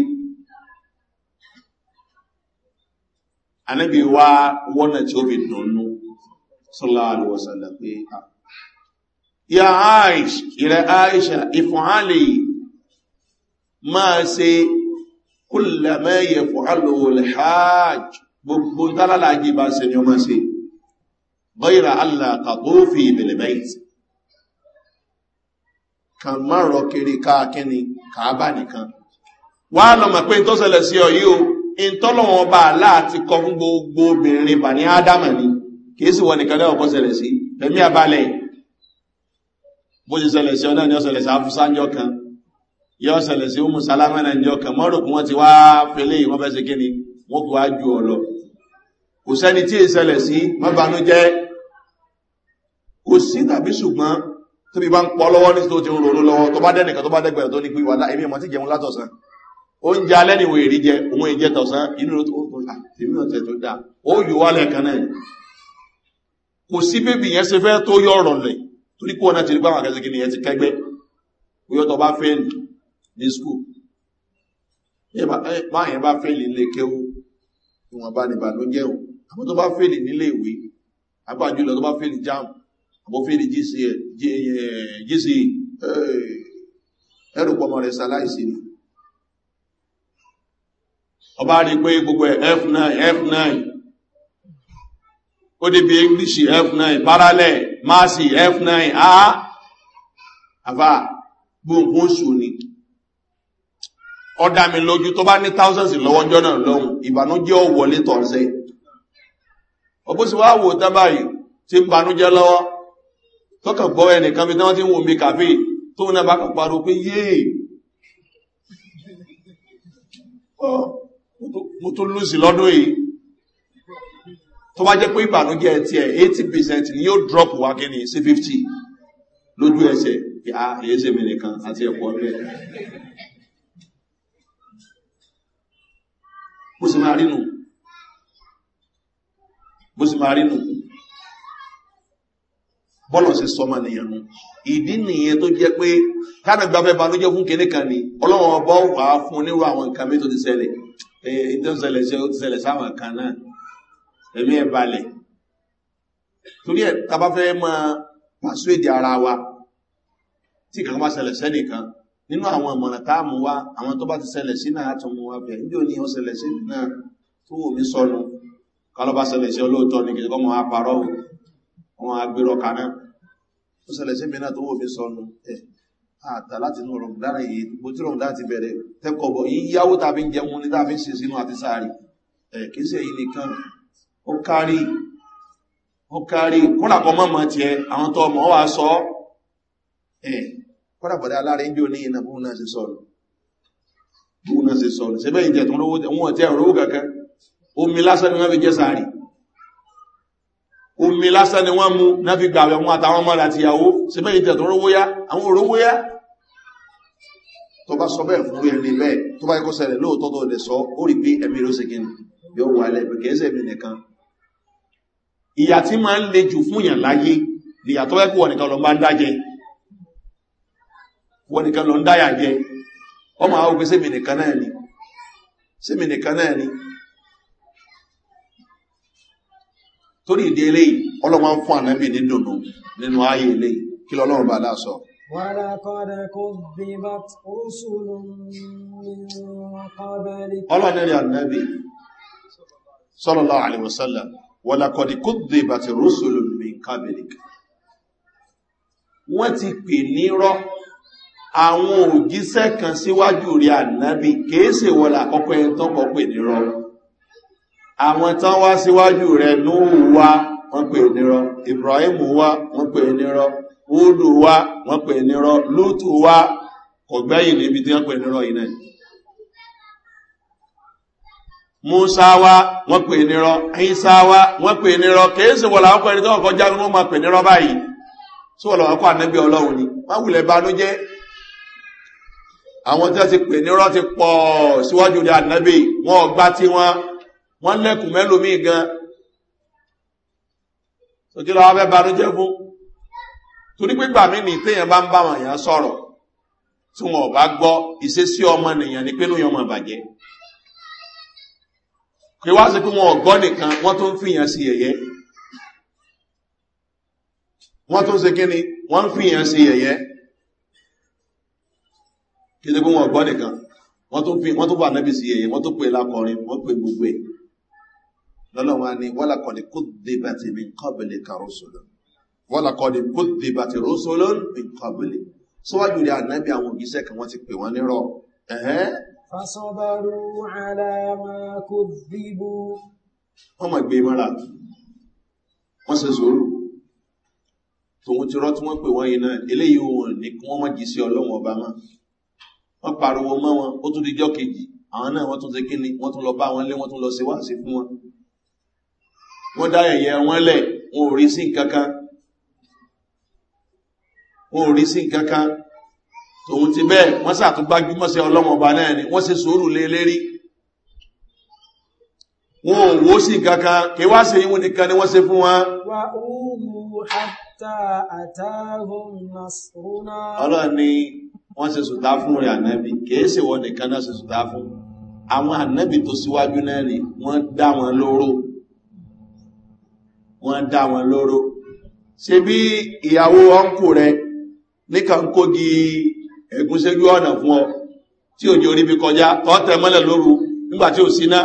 anábì wá wọ́nà tí ó fi dùnnú sọ̀rọ̀lá àlùwọ̀sàlá pé ya aish ìrẹ aisha ìfọ̀hálì máa ṣe kúlẹ̀mẹ́yẹ fọ̀hálùwọ̀lẹ̀ hajj gbogbo tálálàájì bá ṣe ni ọmọ ṣe bọ́yìrà allah kàtófì ìbẹ̀lẹ̀mẹ́yìí kan márọ̀ kiri káàkiri kàábà nìkan wà lọ́mọ̀ pé tó sẹlẹ̀ sí ọ yí o in tọ́lọ̀wọ̀n bá láti kọ fún gbogbo obìnrin bà ní ádámà ni kìí sì wọ nìkan lẹ́wọ̀n kó sẹlẹ̀ sí ẹ̀mí àbálẹ̀ bó ti sẹlẹ̀ sí ọ náà ni ọ sẹlẹ̀ sí afúsánjọ́ kan yọ sẹlẹ̀ sí umu salama náà ni ọkàn mọ́rùkù wọn ti wá fẹlẹ́ yìí wọ́n fẹ́ sí kíni wọ́n kò wá ju ọ lọ kò sẹ́ni tí ì sẹlẹ̀ sí mọ́banújẹ́ kò sí tàbí ṣùgbọ́n tóbi bá ń pọ lọ́wọ́ ní tó ti ń lọ́wọ́ tó bá dẹ́nìkan tó bá dẹ́gbẹ̀rẹ̀ tó ní pé wà láì mímọ̀ tí jẹun látọ̀sán oúnjẹ alẹ́ ni wèrè jẹ òun ìjẹ tọ̀sán inú ló tó ah, tèmi náà tẹ̀ tó dáa ó yù wá lẹ́ẹ̀kan náà kò sí bébì yẹn ṣe fẹ́ tó yọ ọ̀rọ̀ lẹ̀ torí pé ọ̀nà ti rí báwọn akẹ́sìkì nìyẹn ti kẹgbẹ́ oyún tó bá fẹ́ẹ̀lì ní skul máa yẹn bá fẹ́ẹ̀lì nílé kéwú ìwọ̀nba nìbànújẹ́ o àmọ́ tó bá fẹ́ẹ̀lì nílé ìwé àgbàjúlọ tó bá fẹ́ẹ̀lì jáàmù gbófèrè jíṣì eh, eh, ẹrù pọmọ rẹ̀ sàláìsì ni ọba rí pé gbogbo f9 f9 ó débi english f9 parallel maasi f9 a àbá gbogbo oṣù ni ọdá mi lójú tó bá ní thousands lọ́wọ́ jọ́nà lọ́hun ìbànújẹ́ ọ̀wọ́lé tọ̀ọ̀sẹ́ ọbúsí wá wò tábàyì tí ń banújẹ́ lọ́wọ́ tọ́kàn gbọ́ ẹnìkan bí tán tí wọ́n mi kàbí tó náà bá kàn parò pé yéè mo tó lùsì lọ́dún yìí tó bá jẹ́ pé ìbànújẹ́ ti ẹ̀ 80% ni yóò drop wá kí ni sí 50 lójú ẹsẹ̀ a èyí ṣe mi nìkan àti ẹ̀kọ́ rẹ̀ bó sì máa rí nù bó sì máa rí nù bọ́lọ̀ sí sọmọ nìyàn nù ìdí nìyẹn tó jẹ́ pé káàdì gbafẹ́ balójẹ́ fún kínní kan ni ọlọ́wọ́n ọba wà á fún onírú àwọn nǹkan mi tó ti sẹlẹ̀ èyí sẹlẹ̀ sẹ́ ó ti sẹlẹ̀ sáwọn kan náà ẹ̀mí ẹ̀ balẹ̀ torí ẹ̀ tàbá fẹ́ máa pàṣọ èdè ara wa tí kan bá sẹlẹ̀ sẹ́nìkan nínú àwọn ìmọ̀ràn tá a mú wa àwọn tó bá ti sẹlẹ̀ sí náà tó mú wa bẹ̀ níbi òní ó sẹlẹ̀ sí náà tó wò mí sọnù kálọ́ bá sẹlẹ̀ sí olóòótọ́ agbèrò kanáà ó ṣẹlẹ̀ sí mìíràn tó wò fi sọnù ẹ̀ àtà láti inú rọ̀mù dára èyí mo tí rọ̀mù láti bẹ̀rẹ̀ tẹ́kọ̀ọ̀bọ̀ yìí yáwó tàbí jẹun ní tàbí ṣe sínú àti sáàrí ẹ̀ kìí ṣe èyí nìkan ó kárí ó kárí kúràkọ́ mọ́mọ́ ti ẹ àwọn tó ọmọ wa sọ ẹ̀ kúràkọ́dá aláàrẹ ń jò ní ìnà bóun náà ṣe sọ̀rọ̀ bóun náà ṣe sọ̀rọ̀ ṣe bẹ́ẹ̀ ìjẹ̀ tó ń rówó wọn tẹ́ òrówó kankan omi lásán ni wọ́n fi jẹ́ sáàrí omi lásán ni wọ́n mú náà fi gbàwẹ̀ wọn àtàwọn ọmọ àti ìyàwó síbẹ̀ ìtẹ̀ tó rówó yá àwọn òrówó yá tó bá sọ bẹ́ẹ̀ fún ẹni bẹ́ẹ̀ tó bá kọ́ sẹlẹ̀ lóòótọ́ tó lè sọ ó rí pé ẹ̀mí ló segin yóò wà lẹ̀ pé kẹ́sẹ̀ mi nìkan ìyà tí máa ń le jù fún yàn láyé ìyà tó wẹ́kù wọ̀nìkan lọ máa ń dájẹ wọ̀nìkan lọ ń dáyà jẹ ọmọ àwọn òpin sẹ́mi nìkan náà ni sẹ́mi nìkan náà ni torí ìdí eléyìí ọlọ́run máa ń fún ànábì ní dòdò nínú ayé eléyìí kí lọ́lọ́run bá dá sọ. ọlọ́run ní ànábì sọ́lọ́lá àlèwòsálà wọ́lákọ́dí kó dé bá ti mi kábìlìkì wọ́n ti pè nírọ́ àwọn òjíṣẹ́ kan síwájú rí ànábì kèése wọ́lá àkọ́kọ́ ẹni tó kọ́ pè nírọ́ àwọn tán wá síwájú rẹ̀ lóhù wá wọ́n pè nírọ ibrahim wá wọ́n pè nírọ oòdù wá wọ́n pè nírọ lótù wá ọ̀gbẹ́yìn níbi tí wọ́n pè nírọ iná musa wá wọ́n pè nírọ isa wá wọ́n pè nírọ kèése wọ́n làwọn pẹ̀lú tó kọjá ní wọ́n máa pè nírọ báyìí tí wọ́n làwọn kọ́ ànẹ́bí ọlọ́run ni wọ́n wulẹ̀ banújẹ́ àwọn tí wọ́n ti pè nírọ ti pọ̀ síwájú ní ànẹ́bí wọn ọgbá tí wọ́n wọ́n lẹ́kùn mẹ́lòmí gan sókè lọ́wọ́ fẹ́ banújẹ́ fún torí pé gbàmí ní téèyàn bá ń bá wọn yàn sọ̀rọ̀ tí wọn ò bá gbọ́ ìṣesí ọmọ nìyàn ní pínú yọmọ bàjẹ́ kí wá sí pé wọn ò gbọ́ nìkan wọ́n tó ń fìyàn sí ẹ̀yẹ́ wọ́n tó ń se kí ni wọ́n ń fìyàn sí ẹ̀yẹ́ kí ni pé wọn ò gbọ́ nìkan wọ́n tó wà nẹ́bí sí ẹ̀yẹ́ wọ́n tó pè lákọrin wọ́n pè gbogbo ẹ̀ lọ́lọ́wọ́ ni wọ́lá kọ́ni kó dìbà ti mi kọ́bìlì kàrọ́sọ̀lọ́ wọ́lá kọ́ni kó dìbà ti rọ́sọ̀lọ́ mi kọ́bìlì síwájú rẹ̀ ànábì àwọn ògìṣẹ́ kan wọ́n ti pè wọ́n nírọ̀ fasabaru alama kò dìbò. wọ́n mọ̀ gbé e mọ́ra wọ́n ṣe sòrò tòun ti rọ́ tí wọ́n pè wọ́n yìí náà eléyìí wọn ní kí wọ́n mọ̀ jí sí ọlọ́wọ́n ọba mọ́ wọ́n pariwo mọ́ wọn ó tún dijọ́ kejì àwọn náà wọ́n tún ṣe kí ni wọ́n tún lọ bá wọn lé wọ́n tún lọ ṣe wáṣẹ fún wọn wọ́n dá ẹ̀yẹ wọn lẹ̀ wọn ò rí sí kankan wọn ò rí sí kankan tòun ti bẹ́ẹ̀ wọ́n sàtúgbájú mọ́sẹ̀ ọlọ́mọba náà ni wọ́n se sòórù lé lérí wọn ò wó sí kankan kí wá sí ìwọ̀n nìkan ni wọ́n se fún wọn. wà óòmù àtà àtàhùn nàṣúná. ọlọ́run ni wọ́n se sùtá fún rẹ̀ ànábì kìí sì wọ́n nìkan náà se sùtá fún àwọn ànábì tó síwájú náà ni wọ́n dá wọn lóró. wọ́n dá wọn lóró ṣe bí ìyàwó ọkù rẹ níkan kógi ẹ̀gúnṣẹ́jú ọ̀nà fún ọ tí òjò orí bí kọjá tọ́ tẹ mọ́lẹ̀ lóru nígbàtí ò sí náà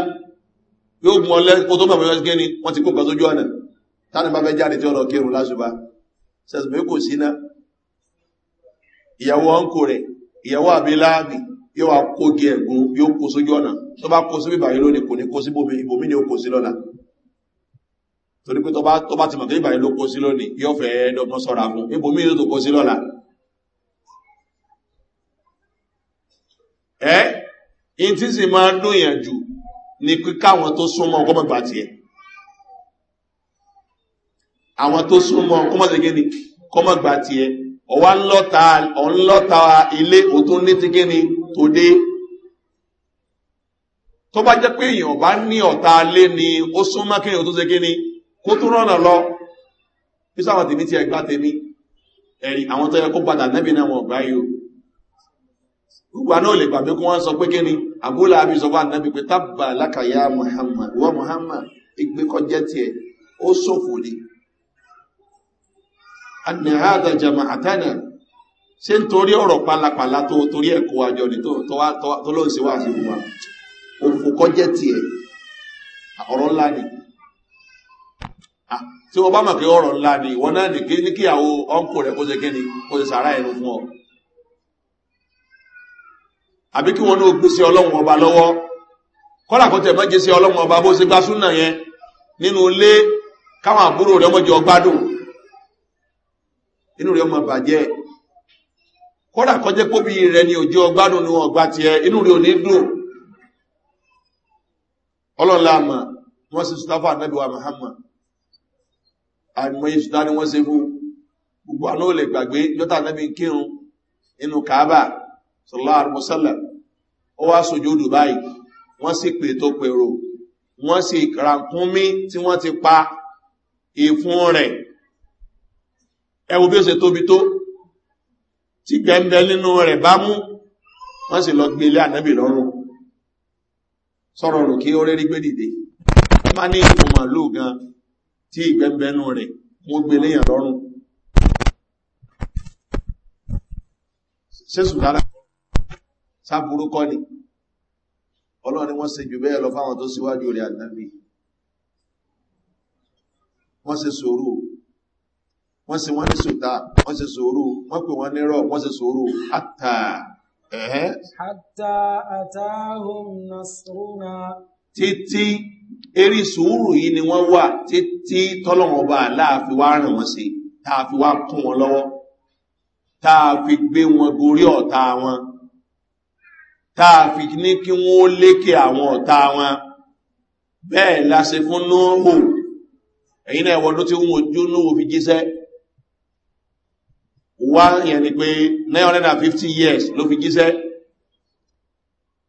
yóò mú ọlẹ́ kó tó bàbá yọ́sí gẹ́ni wọ́n ti kó nǹkan ọ̀nà táni bá fẹ́ jáde tí ọ̀nà kírun lásùbá kò sí ìyàwó ìyàwó àbí láàbì yóò wá kógi ẹ̀gún yóò kó sójú ọ̀nà tó bá kó sí bíbà yìí lónìí kò ní kó sí ibòmí ni ó kó torí pé tó bá ti mọ̀ tó ìbàyẹ̀ ló kó sí lónìí yóò fẹ́ dọ́gbọ́n sọ́ra fún ipò mí tó kó sí lọ́la ẹ́ in tí sì máa dóyàn jù ní kíkáwọn tó súnmọ́ ọkọ́ mọ̀gbà tiẹ̀ àwọn tó súnmọ́ ọkọ́ mọ̀gbà tiẹ̀ kọ́ mọ̀gbà tiẹ̀ ọwá ńlọ́ta ilé òtún ní ti gíní tó dé tó bá jẹ́ pé èèyàn bá ní ọ̀ta lé ni ó súnmọ́ kéèyàn tó ṣe gíní kó tó rọ́nà lọ písà àwọn tèmi ti ẹgbá tèmi ẹ̀rì àwọn tó yẹ kó padà nẹ́bì náà wọ̀n gbá yóò gbogbo náà lè gbàgbé kó wọ́n sọ pé kí ni àbúlà àbí sọ fún ànábì pé tábà lákàyà muhammad wọ́n muhammad ìgbé kọjá tiẹ̀ ó ṣòfò ni anahada jamaatana ṣe ń torí ọ̀rọ̀ pálapàla tó torí ẹ̀kọ́ àjọ ni tó lóun ṣe wá sí wa òfò kọjá tiẹ̀ ọ̀rọ̀ ńlá ni Ah, tí wọ́n bá mọ̀ kí ọ̀rọ̀ ńlá ni ìwọ náà ní kí ní kí àwọ rẹ̀ kó ṣe kí ni kó ṣe sàárà ẹnu fún ọ àbí kí wọn ní gbé sí ọlọ́run ọba lọ́wọ́ kọ́là kọ́tẹ̀ sí ọlọ́run ọba bó gbá yẹn nínú ilé káwọn àbúrò ọgbádùn inú bàjẹ́ ni òjò ọgbádùn ni wọn ọgbà inú ò ní dùn wọ́n sì sùtáfà àìmọye ṣùdá ni wọ́n ṣe fún gbogbo àná ò lè gbàgbé jọ́tà nẹ́bí kírun inú kaaba sọlá àrùmọ́sálà ó wá sojú odò báyìí wọ́n sì pè tó pèrò wọ́n sì rànkúnmí tí wọ́n ti pa ìfún rẹ̀ ẹwù bí ó ṣe tóbi tó tí gbẹ̀ndẹ̀ nínú rẹ̀ bá mú wọ́n sì lọ gbé ilé ànábì lọ́rùn sọ̀rọ̀ rò kí ó rí gbé dìde wọ́n ní ìfún màlúù gan-an tí ìgbẹ́gbẹ́nú rẹ̀ wọ́n gbé léyàn lọ́rùn ṣésù dára sáàbùrú kọ́ ni ọlọ́ni wọ́n se jù bẹ́ẹ̀ lọ fáwọn tó síwájú rẹ̀ àdábì wọ́n se sòrò wọ́n se wọ́n ní sòtà wọ́n se sòrò wọ́n pè wọ́n nírọ̀ wọ́n se sòrò àtà ẹ̀hẹ́ títí eré sùúrù yìí ni wọ́n wà títí tọ́lọ́wọ́n ọba láàfi wá rìn wọ́n sí tààfi wá kún wọn lọ́wọ́ tààfi gbé wọn gorí ọ̀tá wọn tààfi ní kí wọ́n lékè àwọn ọ̀tá wọn bẹ́ẹ̀ láṣẹ fún nóòhù ẹ̀yìn náà ẹ̀wọ̀n tí wọ́n ojú nóòhù fi jíṣẹ́ wá yẹn ni pé 950 years ló fi jíṣẹ́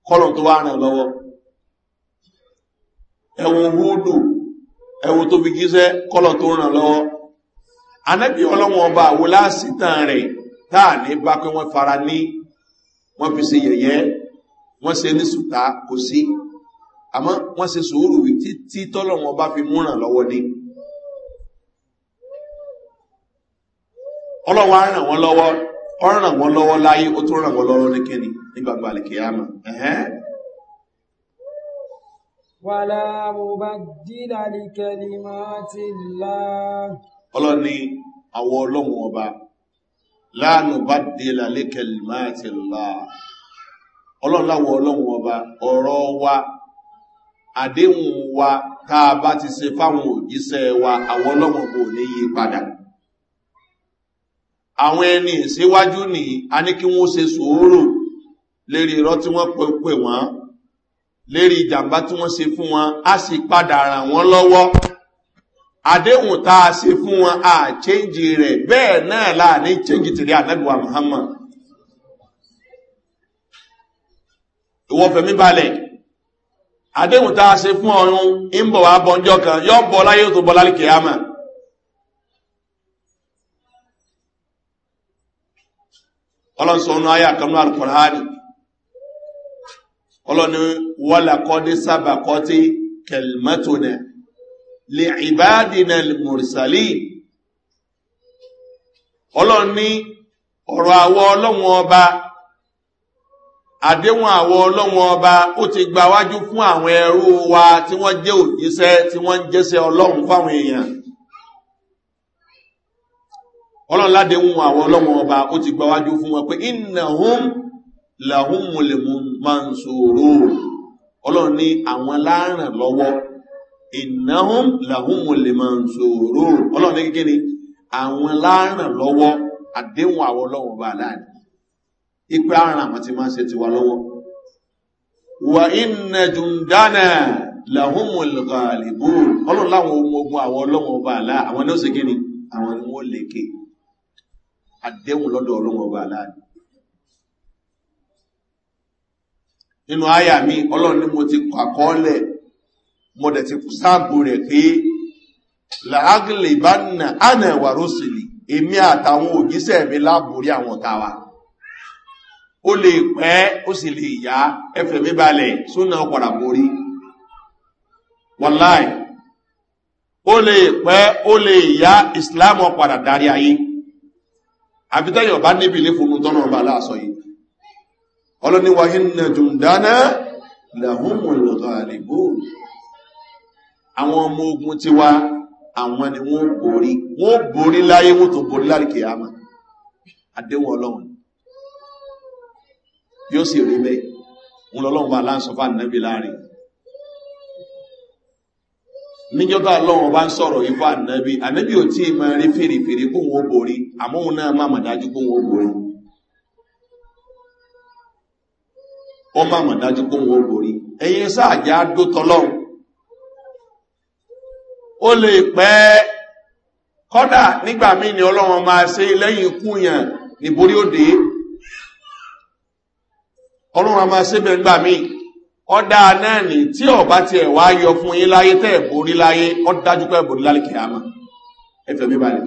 kọ́lọ̀ tó wá rìn lọ́wọ́ ewu húdù ẹ̀wọ̀ tó fi gíṣẹ́ tó ràn lọ́wọ́ anẹ́bí ọlọ́wọ́n ọba àwọ láàsìtàn rẹ̀ táà ní bá pé fara ní wọ́n fi se yẹ̀yẹ́ wọ́n se ní sùtá kò sí àmọ́ wọ́n se sòórù wí títí fi múràn lọ́wọ́ ní ọlọ́wọ́ ràn wọ́n lọ́wọ́ ọ̀ràn lọ́wọ́ láyé ó tó ràn ولا مبدل لكلمات الله ọlọ́run ni àwọn ọlọ́run ọba la nubaddila li kalimati Allah ọlọ́run láwọ ọlọ́run ọba ọ̀rọ̀ wa àdéhùn wa tá a bá ti ṣe fáwọn òjíṣẹ́ wa àwọn ọlọ́run ọba ò ní yí padà àwọn ẹni ìṣíwájú nìyí a ní kí wọ́n ṣe sòórò lérí irọ́ tí wọ́n pẹ́ pẹ́ wọ́n lérí ìjàmbá tí wọ́n ṣe fún wọn a sì padà ràn wọn lọwọ àdéhùn tá a ṣe fún a chẹ́ǹjì rẹ bẹẹ náà láà ní tìrí anagba muhammad ìwọ́fẹ̀mí balẹ̀ àdéhùn tá a ṣe fún ọrún ń wá kan yọ́ bọ́ láyé tó bọ́ lálìkẹ́ àmà ọlọ́sọ̀ọ́nù ayé àkànú àlùkọ̀rọ̀ ọlọ́ni wọ́làkọ́dé sábàkọ́tí kẹlmẹ́tònà lè ìbádìnà mùrìsàlì ọlọ́ni ọ̀rọ̀ àwọ ọlọ́wọ́n ọba àdéhùn àwọ ọlọ́wọ́n ọba ó ti gba wájú fún àwọn ẹrú wa tí wọ́n jẹ́ òjíṣẹ́ tí wọ́n ń jẹ́sẹ́ ọlọ́run fáwọn èèyàn ọlọ́run ládéhùn àwọ ọlọ́wọ́n ọba ó ti gba wájú fún wọn pé ìnà làhùn mùlẹ̀mùn mansurun ọlọ́run ní àwọn láàrán lọ́wọ́ ìnáhùn làhùnmùlè mansurun ọlọ́run ní kíkí ni àwọn láàrán lọ́wọ́ àdéhùn àwọn ọlọ́run bá láàrin ipe àrùn àwọn ti máa ń ṣe ti wà lọ́wọ́ wà ìnà jùndánà làhùnmùlè gàlìbù ọlọ́run láwọn ogun àwọn ọlọ́run bá láà àwọn ní ó sì kíni àwọn ni wọ́n lè ké àdéhùn lọ́dọ̀ ọlọ́run bá láàrin nínú àyà mi ọlọ́run ní mo ti kọ àkọọ́lẹ̀ mo dẹ̀ ti kù sáàbù rẹ̀ pé làágìlì bá nà ánà ìwà rọ́sìlì èmi àtàwọn òjíṣẹ́ mi láàbùrí àwọn ọ̀tá wa ó lè pẹ́ ó sì lè yá ẹfẹ̀ mi balẹ̀ súnà ọ̀pọ̀lá borí wàláì ó lè pẹ́ ó lè yá ìsìlámù ọ̀pọ̀lá darí ayé àbítẹ́yìn ọ̀bá níbi ilé fún un tọ́nà ọba aláàsọ yìí ọlọ́niwà iná jùndáná làhúnmùlọ́gọ́ àlègbò àwọn ọmọ ogun ti wá àwọn ni wọ́n borí wọ́n borí láyé wọ́n tó borí láríkè àmà àdéhùn ọlọ́run yóò sì rí bẹ́ẹ̀ wọn lọ́lọ́run bá láǹsọ fà nẹ́bí láàrin níjọba ọlọ́run bá ń sọ̀rọ̀ ifá nẹ́bí ànẹ́bí ò tí ì máa rí fèrèfèrè kóhun ó borí àmọ́ náà má mà dájú kóhun ó borí ó má mọ̀ dájú kó wọn ó borí ẹ̀yin sáà jẹ́ àdótọ́lọ́hùn ó lè pẹ́ kọ́dà nígbà míì ni ọlọ́run máa ṣe lẹ́yìn ikú yàn níborí òde ọlọ́run máa ṣe bẹ́ẹ̀ nígbà míì ọ̀dà náà nì tí ọ̀bá tiẹ̀ wá yọ fún yín láyé tẹ́ ẹ̀ borí láyé ọ́ dájú pé ẹ̀ borí lálẹ́ kìámà ẹ fẹ́ mi balẹ̀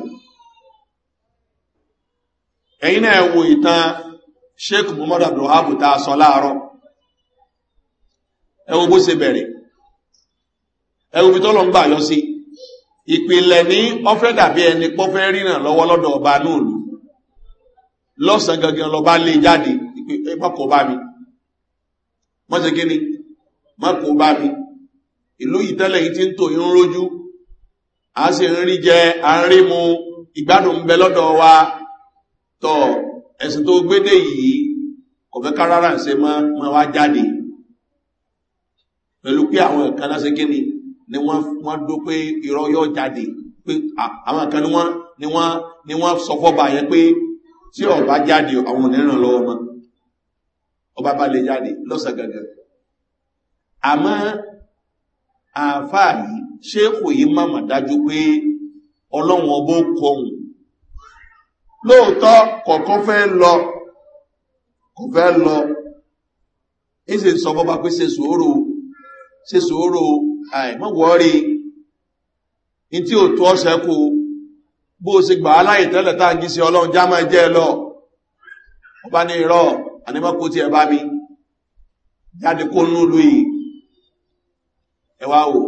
ẹ̀yin náà wo ìtàn sheikh muhammadu abdulhabu sọ láàárọ̀ ẹwọ bó ṣe bẹ̀rẹ̀ ẹwọ bí tọ́lọ ń gbà yọ sí ìpìlẹ̀ ní ọfẹ́ dàbí ẹni pọ́fẹ́ rìnà lọ́wọ́ lọ́dọ̀ ọba náà lù lọ́sàn gangan lọba lè jáde mọ́kò bá mi wọ́n ṣe kí ni mọ́kò bá mi ìlú ìtẹ́lẹ̀ yìí ti ń tò yí rójú a sì ń rí jẹ a ń rí mu ìgbádùn ń bẹ lọ́dọ̀ wa tọ̀ ẹ̀sìn tó gbédè yìí kọ̀fẹ́ kárára ń se mọ́ wá jáde pẹ̀lú pé àwọn ẹ̀kan láṣẹ kí ni ni wọ́n dó pé irọ́ yọ jáde pé àwọn ẹ̀kan ni wọ́n sọ fọ́ba yẹn pé tí ọba jáde àwọn oníràn lọ́wọ́ mọ́ ọba bá lè jáde lọ́sàn gangan àmọ́ àáfàá yìí ṣé kò yí màmá dájú pé ọlọ́run ọbọ̀ kọhùn lóòótọ́ kọ̀ọ̀kan fẹ́ lọ kò fẹ́ lọ ń sì sọ bọ́ba pé ṣe sòórò ṣe sòórò àìmọ́wọ́rí ní tí ò tó ọ̀ṣẹ́ kú bó ṣe gbà á láyè tẹ́lẹ̀ tá gí sí ọlọ́run já máa jẹ́ lọ ọba ní irọ́ ànímọ́kú ti ẹ̀bá mi jáde kó núlù yìí ẹwà wò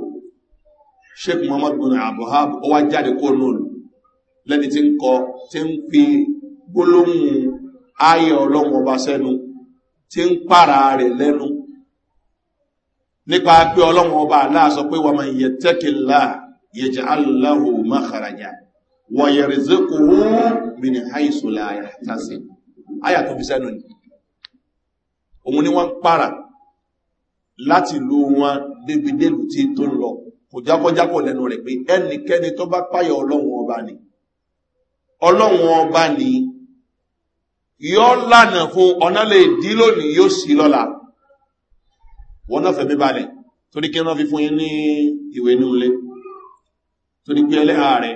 sheik muhammad bin abuhab ó wá jáde kó núlù lẹ́ni tí ń kọ tí ń fi gbólóhùn ayé ọlọ́run ọba sẹ́nu tí ń pààrà rẹ̀ lẹ́nu nípa pé ọlọ́run ọba aláà sọ pé wọ́n yẹ tẹ́kìlá yẹjẹ aláhù mákàràjá wọ́n yẹ rẹ̀zẹ́ òun mìírì àìsùlá àyàtàsí àyà tó fi sẹ́nu ni òun ni wọ́n para láti lu wọn débi délù tí tó lọ kò jákọ́jákọ́ lẹ́nu rẹ̀ pé ẹnikẹ́ni tó bá páyọ̀ ọlọ́run ọba ni ọlọ́run ọba ni yọ́ lànà fún ọ̀nà lè dí lónìí yóò sí lọ́la wọ́n náà fẹ́ bí balẹ̀ torí kí wọ́n fi fún yín ní ìwé inú ilé torí pé ẹlẹ́ ààrẹ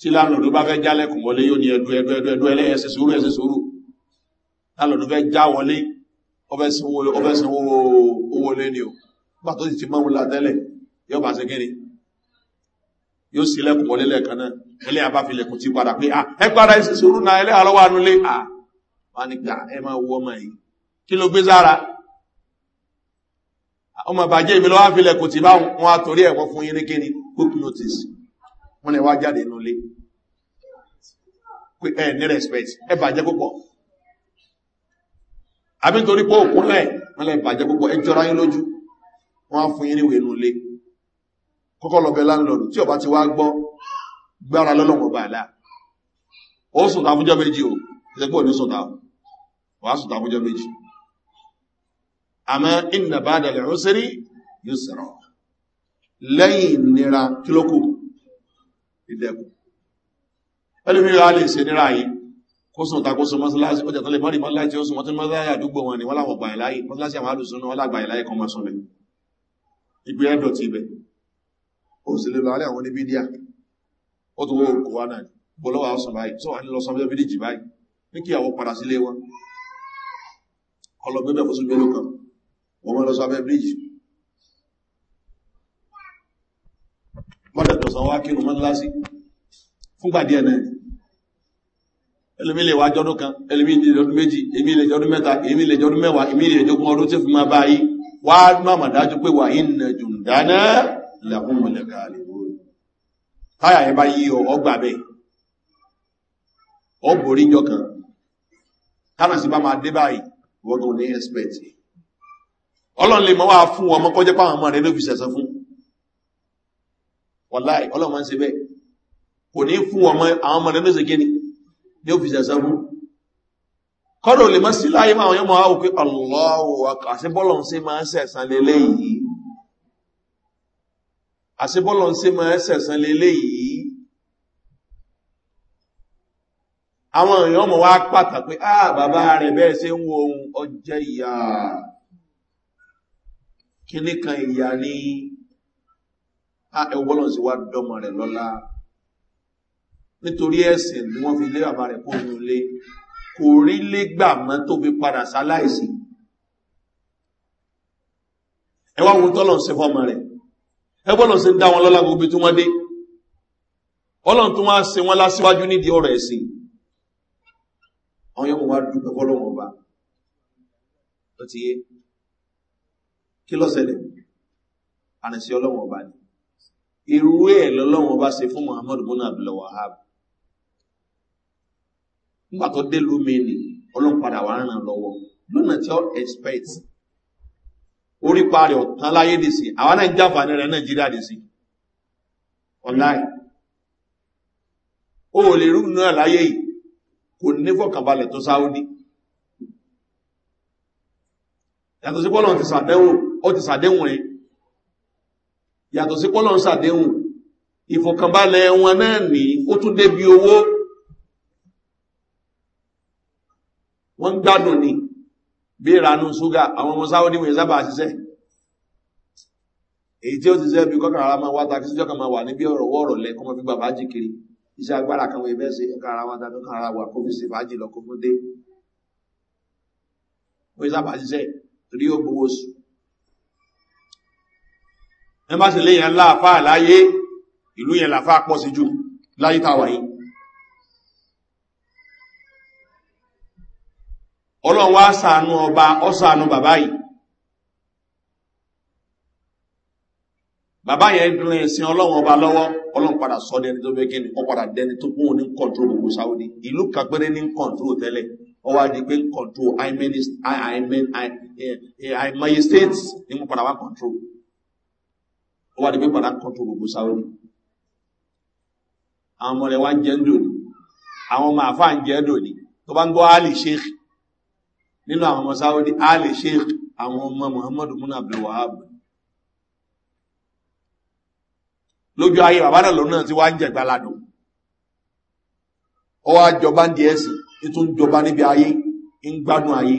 tí lánàdó bá fẹ́ jálẹ̀ kùn wọlé yóò ní ẹdú ẹdú ẹdú ẹdú ẹlẹ́ ni o nígbà tó sì ti mọ́ ńlá tẹ́lẹ̀ yóò bá ṣe kéré yóò sì lẹ́kùn wọlé lẹ́ẹ̀kan náà ẹlẹ́ àbáfilẹ̀kùn ti padà pé ẹ padà ọmọ ìbàjẹ́ ìmì lọ́wọ́ fílẹ̀ kò ti bá wọn àtòrí ẹ̀wọ̀n fún yínrí kíni quick notice wọ́n lè wá jáde inú ilé ẹ̀ ní respect ẹ bàjẹ́ púpọ̀ àbí torí pé òkú lẹ̀ wọ́n lè bàjẹ́ púpọ̀ ẹ jọra yín lójú wọ́n á fún yínrí wẹ̀ inú ilé kọ́kọ́ lọ bẹ láńlọ́dù tí ọba sùn tàbújọ́ méjì o ìṣẹ́pọ̀ ní sùn tàbújọ́ méjì àmọ́ iná bá dẹ̀lẹ̀ rúsírí yóò sọ̀rọ̀ lẹ́yìn nira kílókù ìdẹ̀kù ẹlùmíra lè ṣe nira yìí kó sùn takó sùn mọ́síláṣí ó jẹ̀tọ́lẹ̀ mọ́rí mọ́síláṣí ó sùn mọ́tún mọ́síláṣí àdúgbò wọn ni wọ́n láwọn gbà ìláyé mọ́síláṣí àwọn alùsùn náà lágbà ìláyé kan mọ́ sọ́lẹ̀ ìgbé ẹ̀dọ̀ ti ibẹ̀ ó sì lè lọ́rẹ́ àwọn oníbí ọlọ́gbẹ́bẹ̀ fún sí mélòó kan mo mọ́ lọ sábẹ́ bíríjì mọ́dẹ̀dọ̀ sọ wá kírùn mọ́n lásì fúngbà díẹ̀ náà ẹlùmí lè wá jọdún kan ẹlùmí lè jọdún méjì èmi lè jọdún mẹ́ta èmi lè jọdún mẹ́wàá èmi lè jọdún ọdún tí fi máa bá yí wá máa dájú pé wà ìnà jùndáná lẹ́kún mọ̀lẹ́ka àlèwò táyà ẹ bá ọlọ́run lè mọ́ wá fún ọmọ kọjẹ́ páwọn ọmọ rẹ̀ ló fi sẹ̀sẹ̀ fún wọláì ọlọ́run máa ń se bẹ́ kò ní fún ọmọ àwọn ọmọ rẹ̀ ló se gíní ní ó fi sẹ̀sẹ̀ fún kọ́dọ̀ lè mọ́ sí láyé máa yọmọ wá òkè ọlọ́wọ́ àṣebọ́lọ̀ ń wá pàtàkì pé ah bàbá kíní kan ìyá ní ẹwọ́lọ́n sí wá dọ́mọ rẹ̀ lọ́la nítorí ẹ̀sìn ni wọ́n fi lé bàbá rẹ̀ kó ní ilé kò rí lé gbà mọ́ tó fi padà sáláìsì ẹwà wo tọ́lọ̀ sí fọ́mọ rẹ̀ ẹgbọ́lọ̀ sí ń dá wọn lọ́la gbogbo tí wọ́n dé ọlọ́run tó wọ́n á se wọ́n lásíwájú nídìí ọ̀rọ̀ ẹ̀sìn àwọn yọmọ wa dúpẹ́ fọ́lọ́wọ́n ọba ó ti yé kí ló ṣẹlẹ̀ àrẹ̀sí ọlọ́wọ̀n ọba ni irú ẹ̀ lọ́lọ́wọ̀n ọba ṣe fún muhammadu bin abdul wahab nígbà tó dé lómi ni ọlọ́padà wà ràn lọ́wọ́ lónà tí ó expect orí parí ọ̀tán láyé dì sí àwọn náà ń jàǹfààní rẹ̀ nàìjíríà dì sí ọ̀láì ó lè rú náà láyé yìí kò ní fọ̀kànbalẹ̀ tó sáúdí yàtọ̀ sí bọ́lọ̀ ti sàdẹ́wò ó ti sàdéhùn ẹ̀ yàtọ̀ sí pọ́lọ̀ ń sàdéhùn ìfọ̀kànbalẹ̀ wọn náà ní ó tún débi owó wọ́n ń gbádùn ni bí ìranú ṣúgà àwọn ọmọ sáwọ́ níwọ̀n sábà ṣiṣẹ́ èyí tí ó ti sẹ́ bí kọ́kànlá máa wá takí síjọ́ máa wà níbi ọ̀rọ̀ wọ́ọ̀rọ̀ lẹ kọ́mọ fi gbàgbá jì kiri iṣẹ́ agbára kan wọ ibẹ̀ sí ẹ̀ka ara wọn dáná kan ara wà kó fi ṣe fàájì lọ kó fún dé ó sábà ṣiṣẹ́ rí ó gbowó sùn ẹ má sì léyìn láàfá láyé ìlú yẹn láàfá pọ̀ sí jù láyé tàwà yìí ọlọ́run wá sàánú ọba ọ́sàánú bàbá yìí bàbá yẹn dùn ẹ̀sìn ọlọ́run ọba lọ́wọ́ ọlọ́run padà sọ dẹni tó fẹ́ kí ni ọpadà dẹni tó kún ní kọ̀ntró gbogbo sáwọ́dí ìlú kàpẹ́rẹ́ ní kọ̀ntró tẹ́lẹ̀ ọwọ́ adé pé kọ̀ntró àìmọye states ní mo padà wá kọ̀ntró ó wá di pé padà kọ́ tó gbogbo sáwọ́dì àwọn ọmọ rẹ̀ wá ń jẹ́ ń dòní àwọn ọmọ àfáà ń jẹ́ dòní tó bá ń gbọ́ alì sheikh nínú àwọn ọmọ sáwọ́dì alì sheikh àwọn ọmọ muhammadu muna abdul wahab lójú ayé bàbá náà lòun náà ti wá ń jẹ gbalado ó wá jọba ń di ẹsìn nítorí jọba níbi ayé ń gbádùn ayé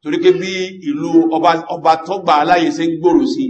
torí pé bí ìlú ọba tọgbà aláyè ṣe ń gbòòrò sí i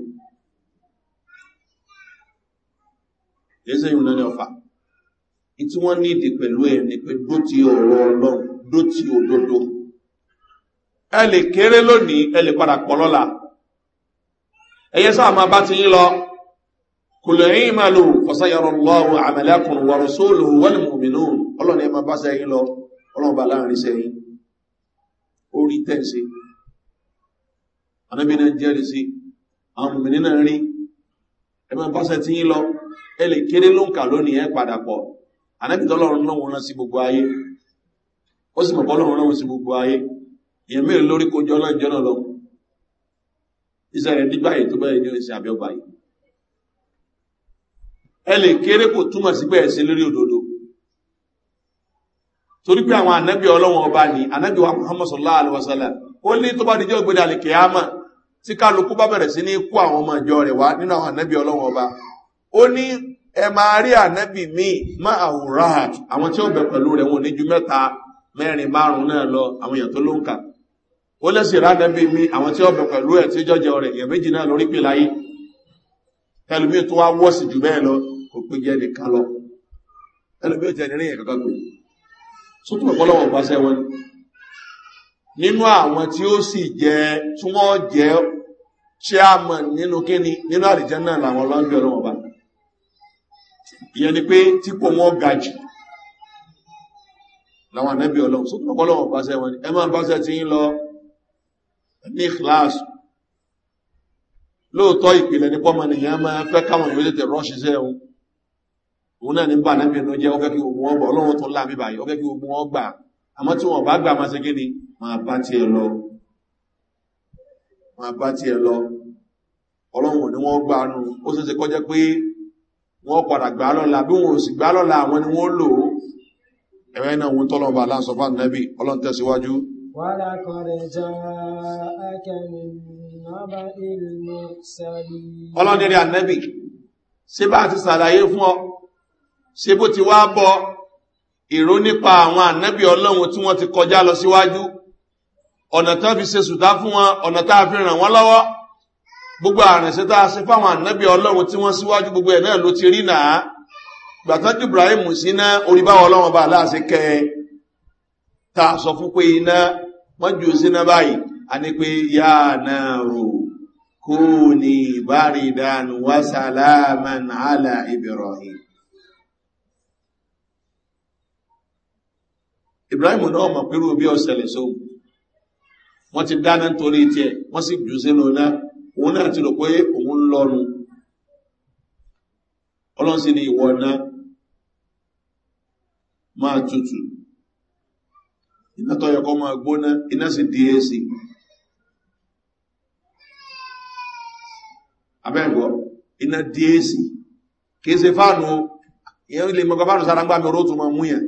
jésù yìí lọ́nà ọ̀fà tí wọ́n ní ìdí pẹ̀lú ẹ̀ ni pé dó ti ọ̀rọ̀ ọlọ́run dó ti òdodo ẹ lè kéré lónìí ẹ lè padà pọ̀ lọ́la ẹyẹ sáà máa bá ti yín lọ kùlù ẹ̀yìn máa lò fọ́sáyọrọ lọ́wọ́ àmàlẹ́kùn wọ̀rọ̀ sóòlù wọ́n mú mi ẹ máa bá sẹ́yìn lọ ọlọ́run lọ Ele lè kéré ka ń kà lónìí ẹ padà pọ̀ ànábìtọ́ ọlọ́run náà sí gbogbo ayé ó sì mọ̀kọ́ ọlọ́run náà wọ́n sí gbogbo ayé èèyàn mẹ́rin lórí kojọ́ náà na lọ ìsẹ̀rẹ̀ dígbà yìí tó bẹ́ẹ̀ ní ìsẹ̀ àbíọ́gbà yìí ẹ lè kò túmọ̀ sí bẹ́ẹ̀ sí lórí òdodo torí pé àwọn ànábì ọba ni ànábì wa muhammad sallallahu ó ní tó bá tí kálukú bá bẹ̀rẹ̀ ọba ó ní ẹ máa rí ànábì míì má àwòrán àwọn tí ó bẹ̀ pẹ̀lú rẹ̀ wọn ní ju mẹ́ta mẹ́rin márùn-ún náà lọ àwọn èèyàn tó ló ń kà ó lẹ́sìn rá ànábì míì àwọn tí ó bẹ̀ pẹ̀lú ẹ̀ tí jọ́jọ rẹ̀ èèyàn méjì náà lórí pè láyé tó wá wọ́sì jù bẹ́ẹ̀ lọ kò pé jẹ́ lọ chairman nínú kíni nínú náà làwọn ìyẹn ni pé tí kò mọ́ ga jù láwọn anẹ́bí ọlọ́run sókè ọ̀pọ̀lọ́wọ̀ pàṣẹ wọn ni ẹ máa pàṣẹ ti ń lọ ní ìkìláàsì lóòótọ́ ìpìlẹ̀ ní pọ́mọ nìyẹn máa fẹ́ káwọn ìwé tètè rọ́ọ̀ṣì sẹ́ òun òun náà ní bà náà bínú jẹ́ ó fẹ́ kí ogun ọgbà ọlọ́run tó láàmì báyìí ó fẹ́ kí ogun ọgbà àmọ́ tí wọ́n bá gbà máa ṣe kí ni máa bá ti lọ ọlọ́run ò ní wọ́n gbà nù ó ṣeéṣe kọjá pé wọ́n padà gbá lọ́la bí wọ́n sì gbá lọ́la àwọn ni wọ́n lò ẹ̀rẹ́ náà wọ́n tọ́lọ̀ bá láàṣọ fún ànàbí ọlọ́n tẹ̀síwájú ọlọ́nìrìn ànàbí ṣe bá ti sàlàyé fún ọ ṣe bó ti wá bọ ìró nípa àwọn ànàbí ọlọ́run tí wọ́n ti kọjá lọ síwájú ọ̀nà tó fi ṣe sùdá fún wọn ọ̀nà tá a fi ràn wọ́n lọ́wọ́ gbogbo àrìnsẹ́ tá a ṣe fáwọn ànábì ọlọ́run tí wọ́n síwájú gbogbo ẹ̀ náà ló ti rí náà gbàtánjú ibrahim síná orí báwọn ọlọ́run bá aláàṣẹ kẹ ta sọ fún pé iná wọ́n jù síná báyìí a ní pé yá náà rò kó ní ìbáridan wá sàlámàn àlà ibrahim ibrahim náà mọ̀ pẹ̀lú bí ọ̀sẹ̀lẹ̀ sóhun wọ́n ti dáná torí tiẹ̀ wọ́n sì jù sínú náà òun náà ti rò pé òun lọ́nu ọlọ́sí ni ìwọ náà máa tutù iná tó yọkọ́ máa gbóná iná sì di èsì abẹ́gbọ́ iná di èsì kìí se fáànù ìyẹn ilé mọ́gbà fáànù sára ń oró tó máa mú yẹn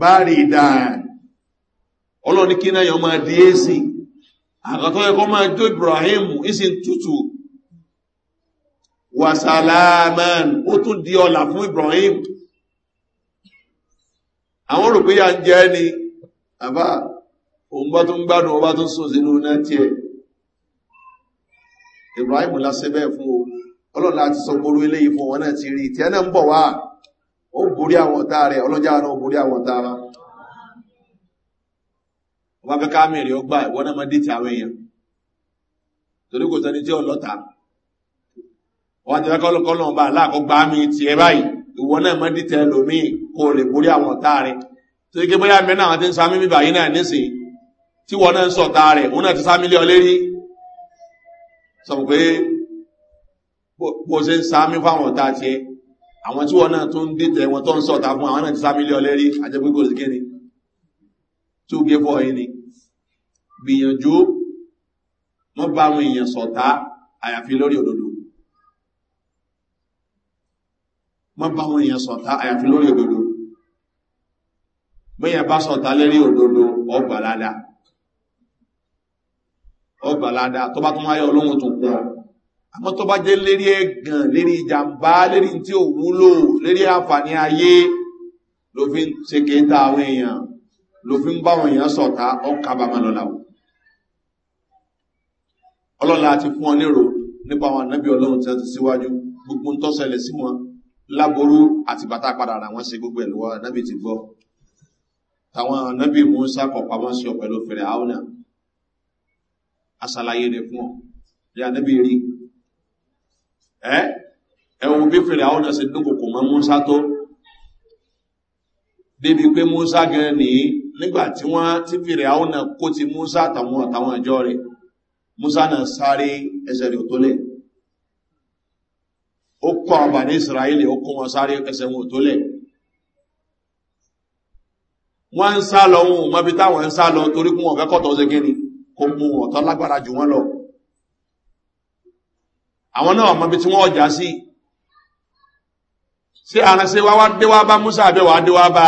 bá rí ọlọ́ni kí àkàtọ́ ẹkọ́ máa jó Ibrahim ìsìn tútù wà sàlámán ó tún di ọlà fún Ibrahim àwọn rò pé yà ń jẹ́ ni àbá òun bá tún gbádùn ọba tún sùn sínú náà tí Ibrahim lásẹ́ bẹ́ẹ̀ fún o ọlọ́la ti sọ gbóró eléyìí fún wọn ti rí tí náà ń bọ̀ wá ó borí àwọn ọ̀tá rẹ̀ ọlọ́jà náà borí àwọn ọ̀tá rẹ̀ ọba fẹ́ káàmì rẹ̀ ọgbà ìwọ́n náà máa dìtì àwọn èèyàn torí kò sẹ́ni tí ó lọ́ta wọ́n ti fẹ́ kọ́lọ́kọ́lọ́ ọba aláàkọ́ gbà mí tiẹ̀ báyìí ìwọ́n náà máa dìtì ẹlòmíì kó o lè borí àwọn ọ̀tá rẹ̀ torí pé bóyá mẹ́rin àwọn ti ń sa mímí báyìí náà nísìnyí tí wọ́n náà ń sọ̀tá rẹ̀ òun náà ti sá mílíọ̀ lérí sọ pé bó ṣe ń sá mí fáwọn ọ̀tá tiẹ̀ àwọn tí wọ́n náà tó ń dìtẹ̀ wọn tó ń sọ̀tá fún àwọn náà ti sá mílíọ̀ lérí àjẹpẹ́ kò sí kéde two gé fọ́ ni gbìyànjú wọ́n bá àwọn èèyàn sọ̀tá àyàfi lórí òdòdó wọ́n bá àwọn èèyàn sọ̀tá àyàfi lórí òdòdó bẹ́yàn bá sọ̀tá lérí òdòdó ọgbàládà ọgbàládà tó bá tún wáyé olóhun tó kún ọ àmọ́ tó bá jẹ́ lérí ẹ̀gàn lérí ìjàmbá lérí tí ò wúlò lérí àǹfààní ayé ló fi ń ṣe kéta àwọn èèyàn ló fi ń bá àwọn èèyàn sọ̀tá ọkà bàmà lọ́làwọ̀ ọlọ́run láti fún ọ lérò nípa àwọn ànábì ọlọ́run tí wọ́n ti síwájú gbogbo ń tọ́sẹ̀lẹ̀ sí wọn láboró àti bàtà padà rà wọ́n sí gbogbo ẹ̀lú wa ànábì ti gbọ́ tàwọn ànábì musa kọ̀ pamọ́ sí ọ pẹ̀lú fèrè áwùnà asàlàyé rẹ̀ fún ọ ní ànábì rí ẹ ẹ̀wọ̀n bí fèrè áwùnà sí dúnkòkò mọ́ musa tó débi pé musa gan ni nígbà tí wọ́n ti fèrè áwùnà kó ti musa àtàwọn àtàwọn ìjọ rẹ̀ musa na sáré ẹsẹ̀ rẹ̀ tó lẹ̀ ó kọ́ àbà ní israeli ó kọ́ wọn sáré ẹsẹ̀ wọn tó lẹ̀ wọ́n ń sá lọ ohun mọ́bí táwọn ń sá lọ torí kún wọn kẹ́kọ̀ọ́ tó ṣe gíní kó mú ọ̀tọ́ lágbára jù wọ́n lọ àwọn náà mọ́bí tí wọ́n ọjà sí sí àránṣẹ́ wá dé wá bá musa àbẹ́wà dé wá bá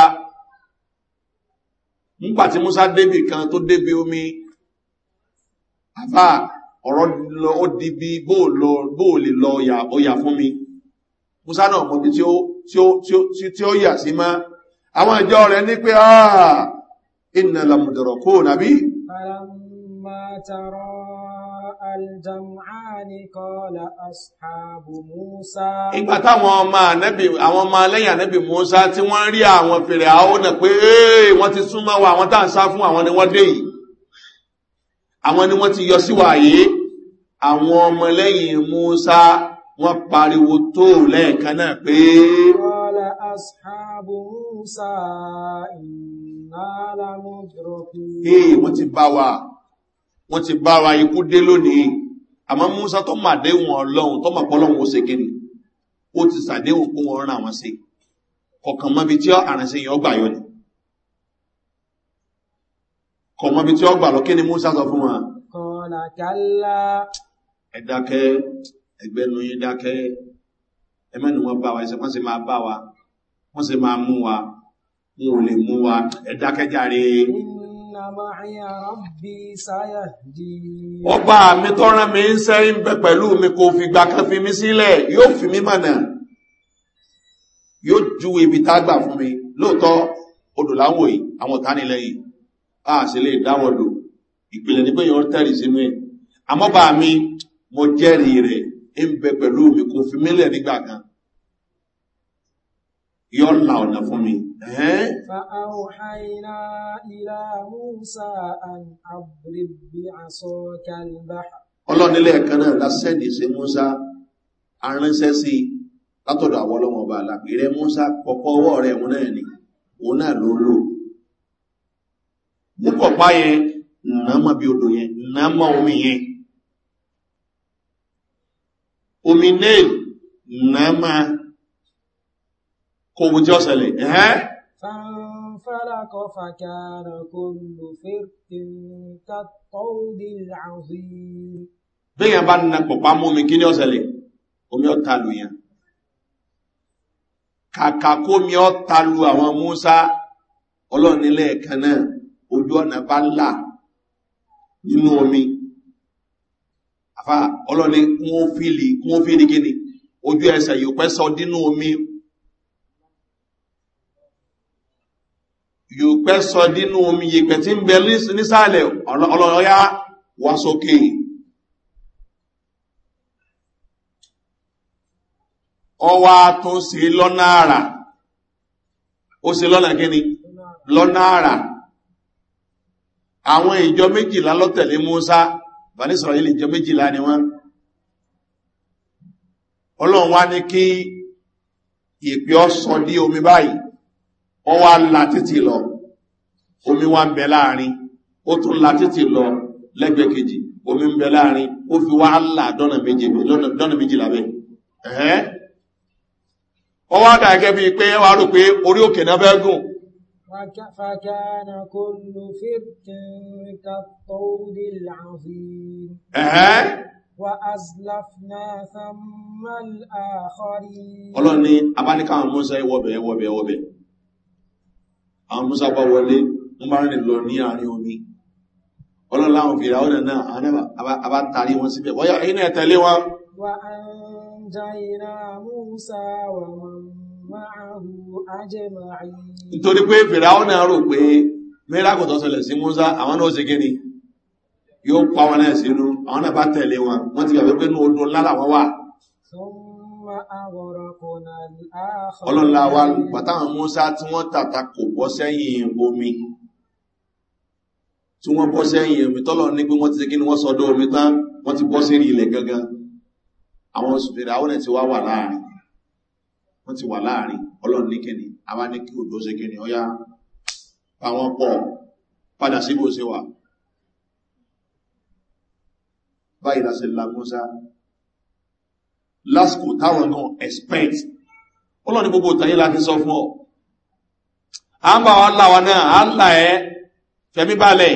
nígbà tí musa débì kan tó débi omi àbá ọ̀rọ̀ lọ ó di bí bóòlè lọ ọ̀yà fún mi musa náà mọ̀ bí tí ó yà sí má àwọn ìjọ rẹ̀ ní pé àà iná lamùdọ̀rọ̀ kó nàbí ìgbà táwọn ọmọ ànẹ́bì àwọn ọmọ alẹ́yìn ànẹ́bì musa tí wọ́n rí àwọn fèrè àwọn pé wọ́n ti súnmọ́ wa àwọn tàà sá fún àwọn ni wọ́n dé yìí àwọn ni wọ́n ti yọ síwáyé àwọn ọmọlẹ́yìn musa wọ́n pariwo tó lẹ́ẹ̀kan náà pé wọ́n ti bá wa wọ́n ti bá wa ikú dé lónìí àmọ́ musa tó mà déhùn ọlọ́run tó mà pọ́lọ́run se gẹ́ni ó ti sàdéhùn kó wọn rán àwọn sí kọ̀kan mọ́bi tí àrànṣe yẹn yọ ni kọ̀ mọ́bí tí ó gbà lọ ni musa sọ fún wa. kọ́lá kálá. ẹ dákẹ́ ẹgbẹ́nu yín dákẹ́ ẹ mẹ́nu wọn bá wa ẹsẹ̀ wọ́n sì máa bá wa wọ́n sì máa mú wa wọn ò lè mú wa ẹ dákẹ́ járe. ọba mi tọ́ra mi ń sẹ́yìn bẹ pẹ̀lú mi kò fìgbà kan fi mi sílẹ̀ yóò fi mí mọ̀nà yóò ju ibi tá a gbà fún mi lóòótọ́ odò láwọ̀ yìí àwọn ọ̀tá yìí àṣì lè dáwọ̀dò ìpìlẹ̀ ní pé yàn tẹ́rì sínú ẹ̀ àmọ́bà mi mo jẹ́rì rẹ̀ ń bẹ pẹ̀lú mi kò fi mílẹ̀ nígbà kan yọ́ la ọ̀nà fún mi ọlọ́nilẹ̀ kan náà lásẹ́dì sí musa aránṣẹ́ sí látọ̀dọ̀ àwọn ọlọ́mọba àlàpì rẹ musa pọ̀pọ̀ ọwọ́ rẹ̀ òun náà ni òun náà ló lò pọ̀pá yẹn nàámọ̀ bí odò yẹn nàámọ̀ omi yẹn omi nail nàámọ̀ kò wùjẹ́ ọ̀sẹ̀lẹ̀ ẹ̀hẹ́ فانفلق فكان كل فرق كالطود العظيم bẹ́yàn bá nà pọ̀pá mú mi kí ní ọ̀sẹ̀lẹ̀ omi ọ̀ta lù yàn kàkà kó mi ọ̀ta lù àwọn músá ọlọ́run kan náà ojú ọ̀nà bá là nínú omi àfá ọlọ́ni kún ó fílì gíní ojú ẹsẹ̀ yóò pẹ́ sọ dínú omi yóò pẹ́ sọ dínú omi yìí tí ń bẹ nísàlẹ̀ ọlọ́ọ̀yá wá sókè ọwá tó sí lọ́nà àrà ó sí lọ́nà gíní lọ́nà àrà àwọn ìjọ méjìlá lọ́tẹ̀lé Musa bani Israeli ìjọ méjìlá ni wọ́n ọlọ́run wá ní kí ìpè ọsọ ní omi báyìí wọ́n wá la títì lọ omi wá ń bẹ láàrin ó tún la títì lọ lẹ́gbẹ̀ẹ́ kejì omi ń bẹ láàrin ó fi wá là dọ́nà méjìlá bẹ́ẹ̀ ẹ̀hẹ́ wọ́n wá pé wọ́n rò pé orí òkè náà fẹ́ gùn فكان كل فرق كالطود العظيم وأزلفنا ثم الآخرين Ọlọ́run ni abáníká àwọn Mọ́sá ìwọ̀bẹ̀ ẹwọ̀bẹ̀ ẹwọ̀bẹ̀. Àwọn Mọ́sá bá wọlé, wọ́n bá rìn lọ ní àárín omi. Ọlọ́run láwọn fìrà ọ̀nà náà, àwọn àbá tàrí wọn síbẹ̀. Wọ́yá, inú ẹ̀tẹ̀lé wọn. Wà á ń jẹ́ ìrà Mọ́sá wà wọn nítorí pé fìràwọ́ náà rò pé mẹ́rákù tó sọlẹ̀ sí múnsá àwọn náà ṣe gíní yóò pa wọn náà sínú àwọn náà bá tẹ̀lé wọn wọ́n ti gbàgbé pé ní odun lára wọn wà ọlọ́la wa pàtàwọn múnsá tí wọ́n tàtàkò bọ́ sẹ́yìn omi tí wọ́n bọ́ sẹ́yìn omi tọ́lọ̀ ní pé wọ́n ti gíní wọ́n sọdọ́ omi tán wọ́n ti bọ́ sí ilẹ̀ gangan àwọn sùfèrè àwọn ẹ̀ ti wá wà láàrin wọ́n ti wà láàrin ọlọ́run ní kíni àwa ní kí òjò ṣe kíni ọya àwọn pọ̀ padà sí bó ṣe wà báyìí láti lágúnsá lásìkò táwọn náà expect ọlọ́run gbogbo tàyí láti sọ fún ọ a ń bá wa láwa náà a ń là ẹ́ fẹ̀mí balẹ̀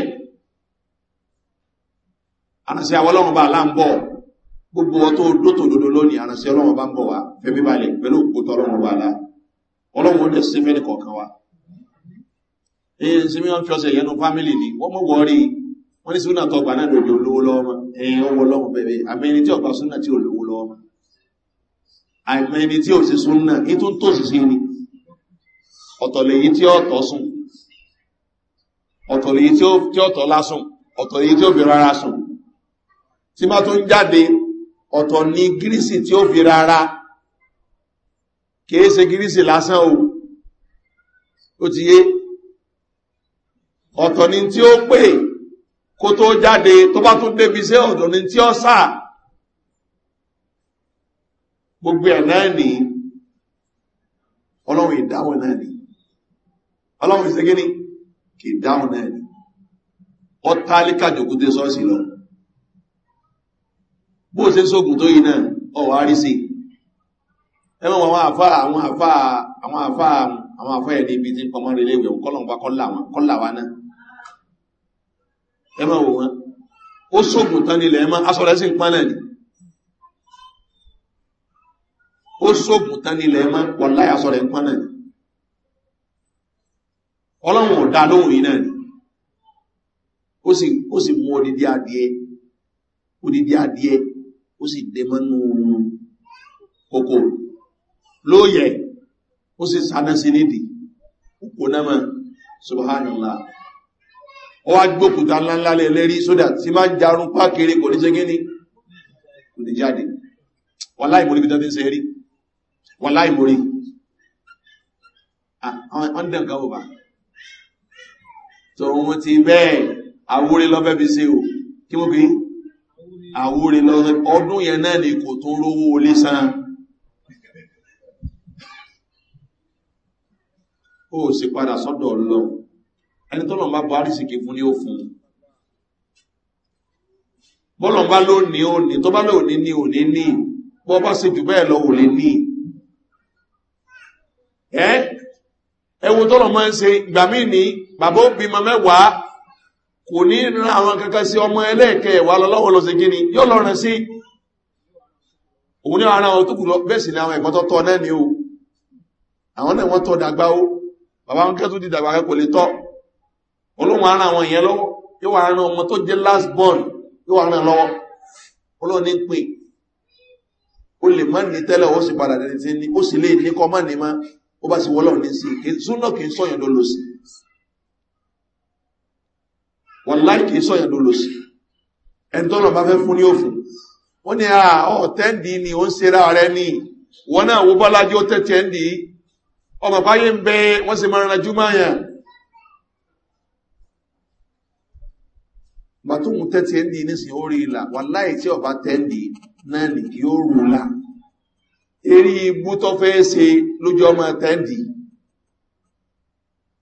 àti àwọn ọlọ́run bá láǹbọ̀ gbogbo wọn tó dótò dodo lónìí àránṣẹ́ ọlọ́wọ́ bá ń bọ̀ wá fẹ́mí balẹ̀ pẹ̀lú òkúta ọlọ́wọ́ wà láà ọlọ́wọ́ lè ṣe fẹ́ nìkọ̀ọ̀kan wa èyí sí mìíràn fi ọ̀sẹ̀ yẹnu fámìlì ni wọ́n mọ̀ wọ́rí wọ́n ní súnà tọgbà náà lòdì olówó lọ́wọ́ ẹ̀yìn ọwọ́ lọ́wọ́ bẹ̀rẹ̀ àmẹ́ni tí ọ̀gbà súnà tí olówó lọ́wọ́ àmẹ́ni tí ò sí súnà ní jáde ọ̀tọ̀ ni gírísì tí ó fi rárá kìí ṣe gírísì lásán o ó ti yé ọ̀tọ̀ ni tí ó pè kó tó jáde tó bá tún débi sí ọ̀dọ̀ ni tí ó sà gbogbo ẹ̀ náà ọlọ́run ìdáwọn náà ní ọlọ́run ìṣẹ́gíní kì í dáwọn náà ní bó ṣe sókùn tó yìí náà ọwà rí sí ẹmọ́ àwọn àfá àwọn àfá àwọn àfá àwọn àfá ẹ̀ ní ibi tí pọmọ́ rẹ̀ léwẹ̀ kọ́lọ̀npá kọ́là wa náà ẹmọ́ wò wọn ó sókùn tán nílẹ̀ ẹmọ́ asọ́rẹ́ sí pánlẹ̀ ni ó sókùn tán nílẹ̀ ẹmọ́ wọ̀lá asọ́rẹ́ pánlẹ̀ ni ọlọ́run ò dá lóhùn yìí náà ni ó sì mú odidi adìẹ odidi adìẹ ó sì dé mọ́nú kòkò lóòyẹ̀ ó sì sáná sí nídi kòkò náà mọ́ subhanallah ó wá gbókùtà ńláńlá lẹ́lẹ́rí sódà tí máa ń jarun pákiri kò ní ṣe gíní kò ní jáde wà láì mórí bíta tí ń se rí wà láì mórí ọ̀ndẹ̀ nǹkan ọba tó wọ́n ti ah, bẹ́ẹ̀ awúrí lọ́fẹ́ bí se o kí mú bí àwórí lọ ọdún yẹn náà ni kò tún rówó olé sáà ó sì padà sọ́dọ̀ lọ ẹni tó lọ́nà bá buhari sì kí fún ní ó fún bọ́lọ̀ bá ló ní ó ní tó bá ló ní ní ò ní ní bọ́ bá sì jù bẹ́ẹ̀ lọ ò lè ní ẹ́ ẹwù tó lọ́ mọ́ ń se ìgbà míì ní bàbá kò ní ra àwọn kankan sí ọmọ ẹlẹ́ẹ̀kẹ́ ẹ̀wà lọ́wọ́ lọ sí gíní yóò lọ́rùn sí òun ní ara àwọn tó kù bẹ́ẹ̀ sì ni àwọn ẹ̀gbọ́n tó tọ́ náà ni o àwọn náà wọ́n tọ́ dàgbà o bàbá wọn kẹ́tù di dàgbà kẹ́ kò lè tọ́ olóhùn ara àwọn èèyàn lọ́wọ́ yóò wà ran ọmọ tó jẹ́ last born yóò wà ran wọ́n láìkì sọ́yẹ̀ ló lò sí ẹni tó lọ bá fẹ́ fún ní òfin ó ní à ah, ọ tẹ́ǹdì ni ó ń sera rẹ ní wọn náà wo bọ́lájú ó tẹ́tí ẹ̀ǹdì ọmọ báyé ń bẹ wọ́n sì máa ranjú máa yàn bàtúmù tẹ́tí ẹ̀ǹdì nísìnyí ó rí ìlà wọ́n láì tí ọba tẹ́ǹdì náà nì yóò rú la eré ibú tó fẹ́ ṣe lójú ọmọ tẹ́ǹdì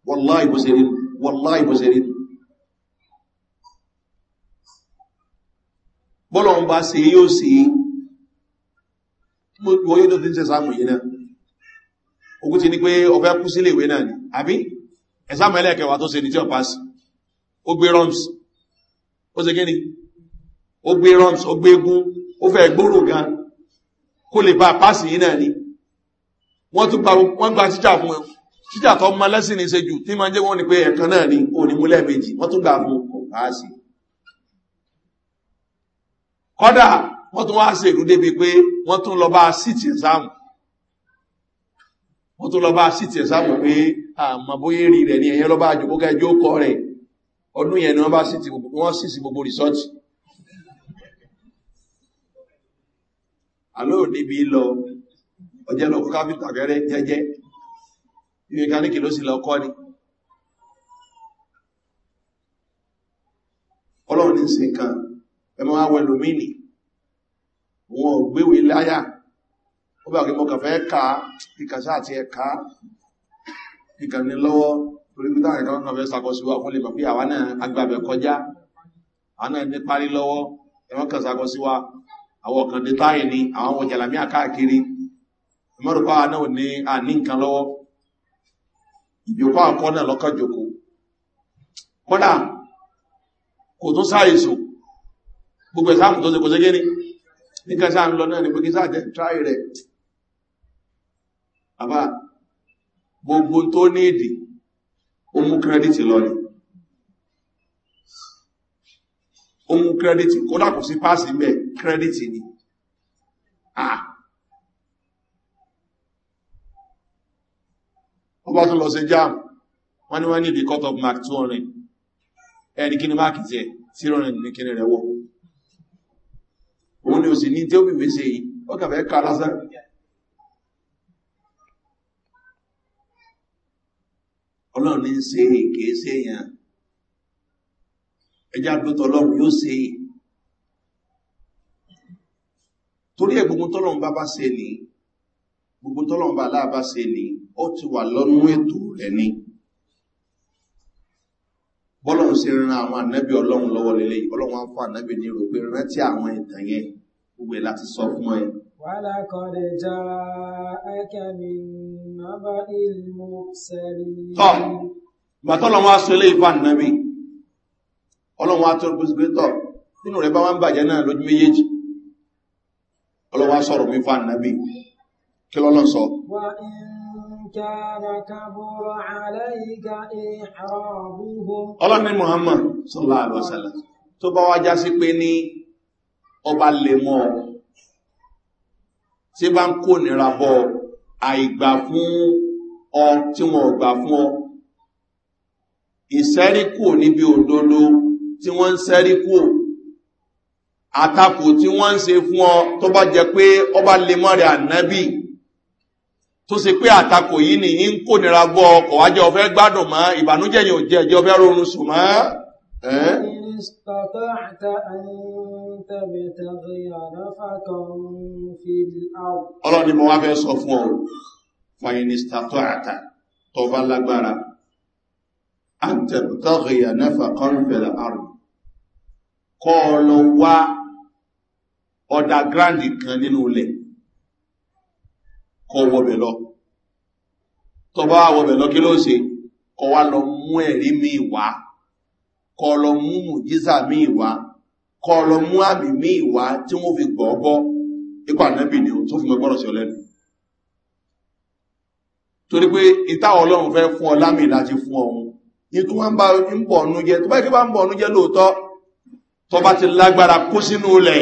wọ́n láì bó ṣe rí bọ́lọ̀ mba bá se yóò sí wọ́n yóò tó fi ń sẹ́sàmù yìí náà ogun ti ní pé ọfẹ́ kú sílé ìwé náà ni àbí ẹ̀sàmù ẹlẹ́ẹ̀kẹwà tó se ní tí ọ pass ó gbé ó se gíní ó gbé rums ó gbé egun ó fẹ́ gbóòrò gan kó ni wọ́n tún gba wọ́n gba tíjà fún ẹ tó lẹ́sìn ní tí máa ni pé ẹ̀kan náà ni òní múlẹ̀ méjì kọ́dà wọ́n tún wá ṣèrú débi pé wọ́n tún lọ bá síìtì ẹ̀sáàmù wọ́n tún lọ bá síìtì ẹ̀sáàmù pé àmọ́ bóyá rí rẹ̀ ní ẹ̀yẹ lọ́ba àjòkókè ẹjọ́ kọ́ rẹ̀ ọdún yẹn ni wọ́n bá síìtì wọ́n síìtì gbogbo rìsọ́ọ̀tì àlọ́ níbi lọ ọjẹ́ lọ kó káfíńtà kẹrẹ jẹ́jẹ́ ìwé kaníkì ló sì lọ kọ́ ni ọlọ́run ní sí nǹkan ẹmọ awẹ lómìnì wọn ò gbéwé láyà ó bá kí mọ́ kàfẹ́ ká ìkàṣà àti ẹ̀ká ìkàní lọ́wọ́ torí pítà ẹ̀ká wọn kàfẹ́ sàkọsíwá fún lè pàpí àwọn náà agbábẹ̀ kọjá àwọn náà ní parí lọ́wọ́ ẹ̀wọ́n kà sàkọsíwá àwọn kan dé táyì ni àwọn ọmọ jàlámí àkáàkiri ẹmọ́rùpá náà ní àní nǹkan lọ́wọ́ ìjókòó àkọ́ kò tún sáyè sùn gbogbo ìsáàmù tó ṣe kò ṣégé ní nìkan sáà ń lọ náà ní pé kí sáà jẹ́ tráì rẹ̀ àbá gbogbo tó ní èdè ó mú kírẹ́dìtì lọ ní ó mú kírẹ́dìtì kódà kò sí páàsì mẹ́ kírẹ́dìtì ni ah! ọba tó lọ sí jam wọ́n ni wọ́n ní ìdí cut off mark 200 ẹni kí ni máàkì tí ẹ̀ 0 ní kíni rẹ̀ wọ́n òun ni ò sì ní tí ó bìbí se yìí ó kàfẹ́ ká lásán ọlọ́run ní se kìí se èèyàn ẹjá gbótọ̀ ọlọ́run yóò se torí ẹ̀ gbogbo tọ́lọ́run bá bá se ní gbogbo tọ́lọ́run bá aláàbá se ní ó ti wà lọ́nú ètò rẹ̀ ní bọ́lọ̀run sí ran àwọn ànẹ́bí ọlọ́run lọ́wọ́ lélẹ́yìn ọlọ́run á fún ànẹ́bí ní rò pé rántí àwọn ìtàn yẹn gbogbo ẹ̀ láti sọ fún ẹ. wàhálà kan lè já ẹkẹmi nàbà ìlú sẹrí. tọ́ ìgbà tọ́lọ́ wọn aṣọ ilé ìfà nàbí ọlọ́run atọ́ gbèsè tọ́ nínú rẹ̀ bá wọn bàjẹ́ náà lójú méjèèjì ọlọ́run wa sọ̀rọ̀ mi fà nàbí kí lọ́lọ́ sọ. wà á كان كبر عليك إحرابهم. الله محمد صلى الله عليه وسلم. tó bá wá já sí pé ní ọba lè mọ́ ọ tí bá ń kó nira bọ́ àìgbà fún ọ tí wọn ò gbà fún ọ ìsẹ́ríkù níbi òdodo tí wọ́n ń sẹ́ríkù àtakò tí wọ́n ń se fún ọ tó bá jẹ pé ọba lè mọ́ rẹ̀ ànábì tó se pé àtakò yìí nìyí ń kó nira bọ́ ọkọ̀ wájẹ́ ọ̀fẹ́ gbádùn mọ́ ìbànújẹ́ yìí ò jẹ́ ẹjọ́ fẹ́ ronú sùn mọ́. إن استطعت أن تبتغي نفقا في الأرض ọlọ́run ni mo wá fẹ́ sọ fún ọ fàyìn ìstàtọ̀ àtà tó bá lágbára an tẹ̀bùtọ́gì ànáfà kọ́nfẹ̀lẹ̀ àrùn kọ́ lọ wá ọ̀dà gíráǹdì kan nínú ilẹ̀ kọ́ wọ́bẹ̀ lọ tó bá wọ́bẹ̀ lọ kí ló ṣe kọ́ wá lọ mú ẹ̀rí mi wá kọlọ mú mùjísà míì wá kọlọ mú àmì míì wá tí wọ́n fi gbọ́gbọ́ ipa nẹ́bì ni tó fi mọ́ gbọ́rọ̀ sí ọ lẹ́nu torí pé ìta ọlọ́run fẹ́ fún ọ lámì láti fún ọmọ ikú wọn bá ń bọ̀ ọ̀nú jẹ tó bá ikú bá ń bọ̀ ọ̀nú jẹ lóòótọ́ tó bá ti lágbára kó sínú ilẹ̀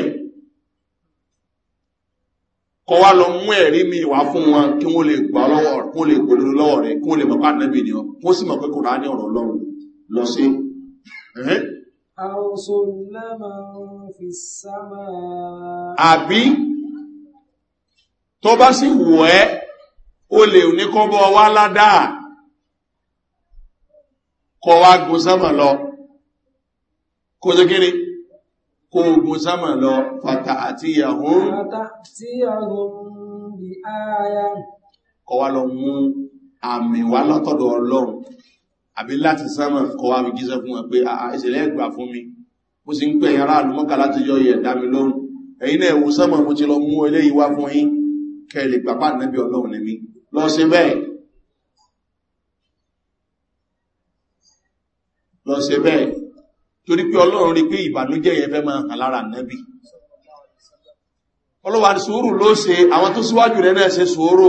kọ wá lọ mú ẹ̀rí mi wá fún wọn kí wọ́n lè gbà lọ́wọ́ kí wọ́n lè gbòdòdó lọ́wọ́ rẹ̀ kí wọ́n lè mọ̀ pàdánù ènìyàn kí wọ́n sì mọ̀ pé kò rà ní ọ̀rọ̀ ọlọ́run lọ sí. Eh? àbí tó bá sì wù ẹ́ o lè ní kọ́ bọ́ wá ládàá kọ wá gùn sánmà lọ kò tó kéré kò gùn sánmà lọ fàtà àti ìyàwó kọ wá lọ mú àmì wá látọ̀dọ̀ ọlọ́run àbí láti sánmà kọ wá fi jíṣẹ́ fún wọn pé ah, ah, ìṣẹ̀lẹ̀ ẹ̀gbà fún mi mo sì ń pè ẹ̀yìn aráàlú mọ́kà láti yọ ìyẹ̀ dá mi lọ́rùn ẹ̀yìn náà wo sánmà mo ti lọ mú eléyìí wá fún yín kẹlẹ̀ gbàgbà nẹ́bí ọlọ́run ní mi lọ sí bẹ́ẹ̀ lọ sí bẹ́ẹ̀ torí pé ọlọ́run rí pé ìbànújẹ́ yẹn fẹ́ máa hàn lára nẹ́bí ọlọ́wà sùúrù ló ṣe àwọn tó síwájú rẹ̀ náà ṣe sùúrù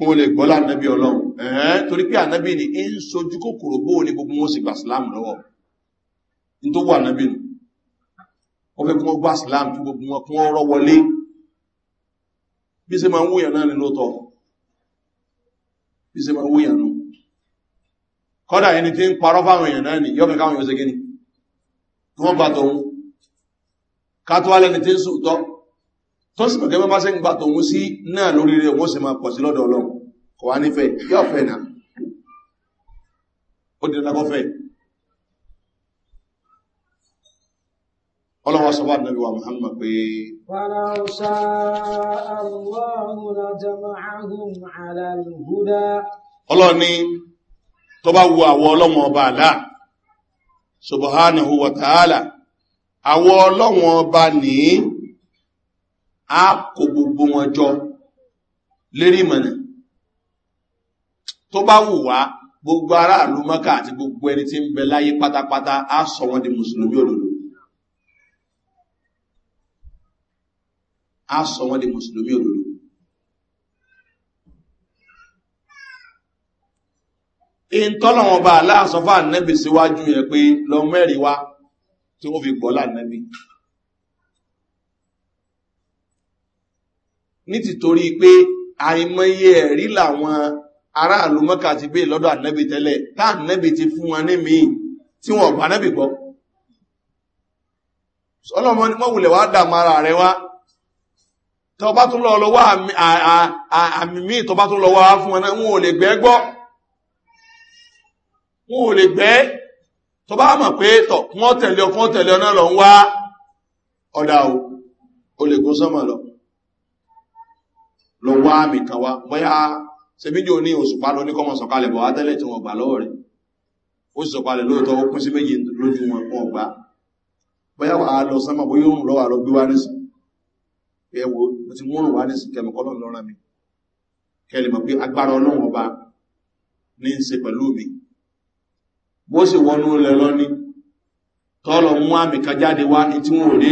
kí wọ́n lè gbọ́ lánàbí ọlọ́run ẹ̀ẹ́ torí pé ànábì ni ń sojú kòkòrò bó ní gbogbo wọn sì gbà sílámù lọ́wọ́ ní tó wà ànábì nù wọ́n fẹ́ kí wọ́n gbà sílámù kí gbogbo wọn kí wọ́n rọ́ wọlé bí se máa ń wúyàn náà ni lóòtọ́ bí se máa ń wúyàn náà kọ́dà ẹni tí ń parọ́ fáwọn èèyàn náà ni yọ́bẹ̀ káwọn yóò se gíní kí wọ́n gbà tòun ká tó wá tí ń sùn tọ́ tó sì mọ̀kẹ́ bá ṣe ń gbà tòun sí náà lórí rẹ̀ wọ́n sì máa pọ̀ sí lọ́dọ̀ ọlọ́run kò wá nífẹ̀ yóò fẹ́ náà ó di dandan kọfẹ́ ọlọ́wọ́ sọ bá nàbí wa muhammad pé fàlàṣà ọlọ́ni tó bá wu àwọ ọlọ́mọ ọba àlá subhanahu wa ta'ala àwọ ọlọ́wọ́ ọba nìí A kó gbogbo wọn jọ lérí ìmọ̀nà tó bá wù wá gbogbo aráàlú mọ́kà àti gbogbo ẹni tí ń bẹ láyé pátápátá á sọ wọn di mùsùlùmí òdòdó á sọ wọn di mùsùlùmí òdòdó ìntọ́lọ̀wọ̀n bá aláàsọ́fà nẹ́bì síwájú yẹn pé lọ mẹ́rin wá tí ó fi gbọ́ láàrin nítìtorí pé àìmọye ẹ̀rí làwọn aráàlú mọ́kà ti gbé lọ́dọ̀ ànẹ́bì tẹ́lẹ̀ tá ànẹ́bì ti fún wọn ní míì tí wọ́n bá ànẹ́bì gbọ́ ọlọ́mọ ni wọ́n wá dàmú ara rẹ wá tọ́ bá tún lọ lọ́wọ́ àmì míì tọ́ bá tún lọ́wọ́ wá fún wọn náà wọn ò lè gbẹ́ gbọ́ wọn ò lè gbẹ́ tọ́ bá mọ̀ pé tọ̀ wọ́n tẹ̀lé ọkùn tẹ̀lé ọ náà lọ wá àmì kan wá bóyá sẹ́bíjì òní òṣùpá ló ní kọ́mọ̀ sọ̀kalẹ̀ bọ̀ wátẹ́lẹ̀ tí wọ́n gbà lọ́wọ́ rẹ̀ ó sì sọ̀kalẹ̀ lóòótọ́ ó pín sí méjì lójú wọn wọn gbà bóyá wà á lọ sánmà bóyá òun lọ́wọ́ lọ gbé wá nísìn ẹ wo mo ti múrùn wá nísìn kẹmọ kọ́lọ́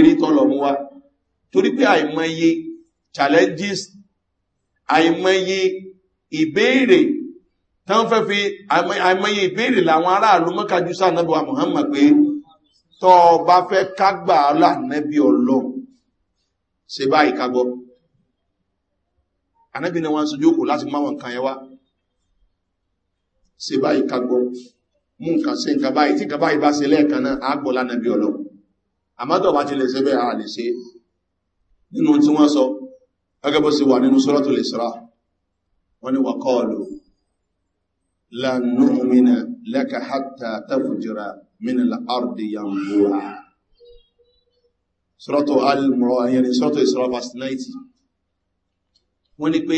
lọ́rọ̀ torí pé àìmọye challenges àìmọye ìbéèrè tán fẹ́ fi àìmọye ìbéèrè làwọn aráàlú mọ́kájú sànàbí wa muhammad pé tọ́ ọba fẹ́ kágbà lànàbí ọlọ́run ṣe báyìí kagbọ́ ànábì ni wọ́n sojú òkú láti máwọn nǹkan ẹwà ṣe báyìí kagbọ́ mú nǹkan ṣe nǹkan báyìí tí nǹkan báyìí bá ṣe lẹ́ẹ̀kan náà àgbọ̀ lànàbí ọlọ́run àmọ́tọ̀ bá ti lè ṣe bẹ́ẹ̀ àlè ṣe nínú tí wọ́n sọ gẹ́gẹ́ bó sì wà nínú sọ́rọ̀tò lè sọ́rọ̀ wọ́n ni wàkọ́ọ̀lù lánúmìnà lẹ́ka hátà tàfùjìrà mìnà l'árdì yàmbúwà sọ́rọ̀tò alìmọ̀rọ̀ ayẹni sọ́rọ̀tò ìsọ́rọ̀ pastinaiti wọ́n ni pé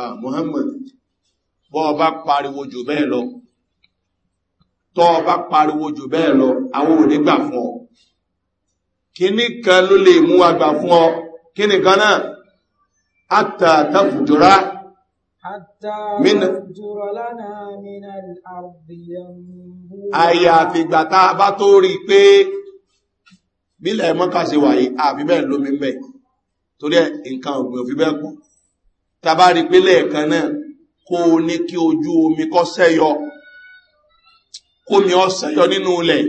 ah, muhammad bọ́ ọba pariwo jù bẹ́ẹ̀ lọ tọ́ ọba pariwo jù bẹ́ẹ̀ lọ àwọn òní gbà fún ọ kíní kan ló lè mú agbà fún ọ kíní kan náà hatta tafjura àyàfi ìgbà tá a bá tó rí pé bílẹ̀ mọ́ká ṣe wà yìí àfi bẹ́ẹ̀ lómi mẹ́ torí ẹ̀ nǹkan ọ̀gbìn òfin bẹ́ẹ̀ pọ̀ tàbá rí pé lẹ́ẹ̀kan náà kó o ní kí ojú omi kọ́ sẹ́yọ kómi ọ sẹ́yọ nínú ilẹ̀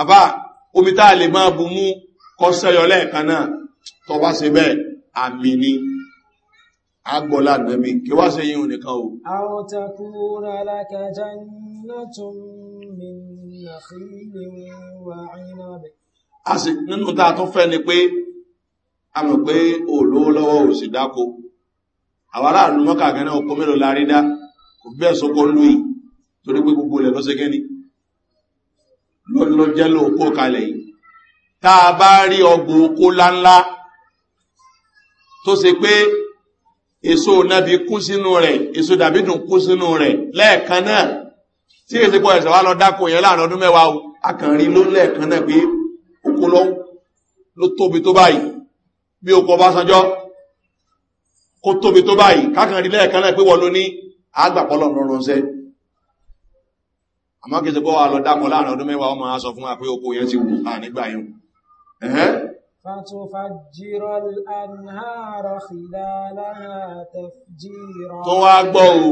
àbá omi tá a lè máa bù mú kọ́ sẹ́yọ lẹ́ẹ̀kan náà tọ́ bá ṣe bẹ́ẹ̀ àmì ni agbọ́lá nẹ́bí kí wá ṣe yíò nìkan o. àwọn takùnrin alákàjá náà tún mi nàfíìlì wà áyínà bẹ̀. a sì nínú tá a tún fẹ́ ni pé a mọ̀ pé olówó lọ́wọ́ ò sì dáko àwọn aráàlú gẹ́nà oko mélòó la dá kò bẹ́ẹ̀ sóko lù yìí torí pé gbogbo ilẹ̀ lọ́sẹ̀ gẹ́ni lọ́jẹ́ lóòkó kalẹ̀ yìí tá a bá rí ọgbọ̀n oko láńlá tó ṣe pé èso nàbí kún sínú rẹ̀ èso dàbí dùn kún sínú rẹ̀ lẹ́ẹ̀kan náà tí èsì pọ̀ ẹ̀sẹ̀ wá lọ dáko yẹn láàrin ọdún mẹ́wàá o akànrin ló lẹ́ẹ̀kan náà pé oko lọ ló tóbi tó báyìí bí oko ọba sanjọ́ kó tóbi tó báyìí kákànrin lẹ́ẹ̀kan náà pé wọ́n ló ní àgbàpọ̀lọ̀ rọrùnṣẹ́ àmọ́ kìí ṣe pọ̀ wá lọ dáko láàrin ọdún mẹ́wàá ọmọ aṣọ fún wa pé oko yẹn ti wù á nígbà yẹn fàtúfàjírọ̀ ànhàrọ̀ khilalaha tafjírọ̀. tó wá gbọ́ o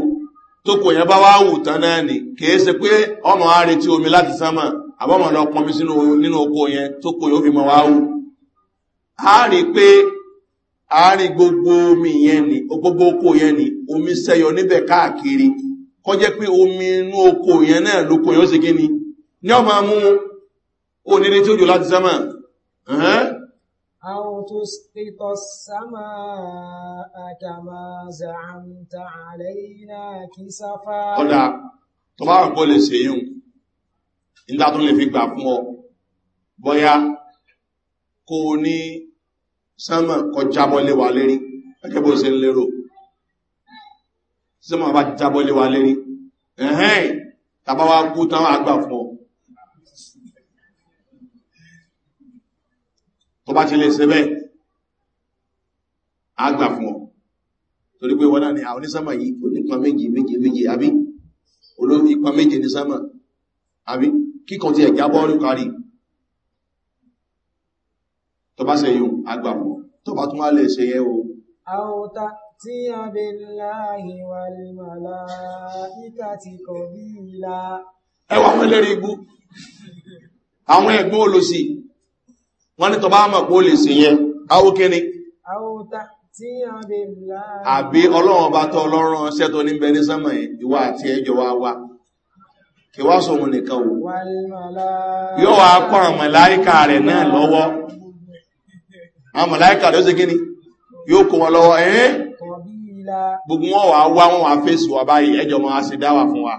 tó kò yẹn bá wá wù tán náà nì kìí ṣe pé ọmọ wa omi láti sánmà àbọ̀mọ̀ lọ pọnmi sínú nínú yẹn a pé àárín gbogbo omi yẹn ni gbogbo yẹn omi káàkiri pé omi yẹn náà yẹn ó ni أو تسقط السماء كما زعمت علينا كسفا kódà tó bá kò lè ṣe yín ìlà tó lè fi gbà fún ọ bóyá kò ní sánmà kọ jábọ́lé wa lérí ẹgbẹ́ bó ṣe ń lérò sánmà bá jábọ́lé wa lérí ẹ̀hẹ́n tàbá wá kú tán àgbà fún ọ tó bá ti lè ṣe bẹ́ẹ̀ á gbà fún ọ torí pé wọ́n náà ni àwọn onísàmà yìí kò nípa méjì méjì méjì àbí olóòfin ipa méjì nísàmà àbí kíkan ti ẹ̀gá bọ́ọ̀lù kárí tó bá ṣe yùn á gbà fún ọ tó bá tún wá lè ṣe yẹ o tí a àwọn ẹ̀gbọ́n olóṣì wọ́n ni tọba àmà kó lè sí yẹn awó kíni àbí ọlọ́run bá tọ́ ọlọ́run ṣẹ́ tó ní bẹni sánmà ìwà àti ẹjọ wa wá kí wá sọ nìkan wò yóò wá kọ́ rẹ̀ náà lọ́wọ́ rẹ̀ ó sì kíni yóò wọn lọ́wọ́ gbogbo wọn wà wá wọn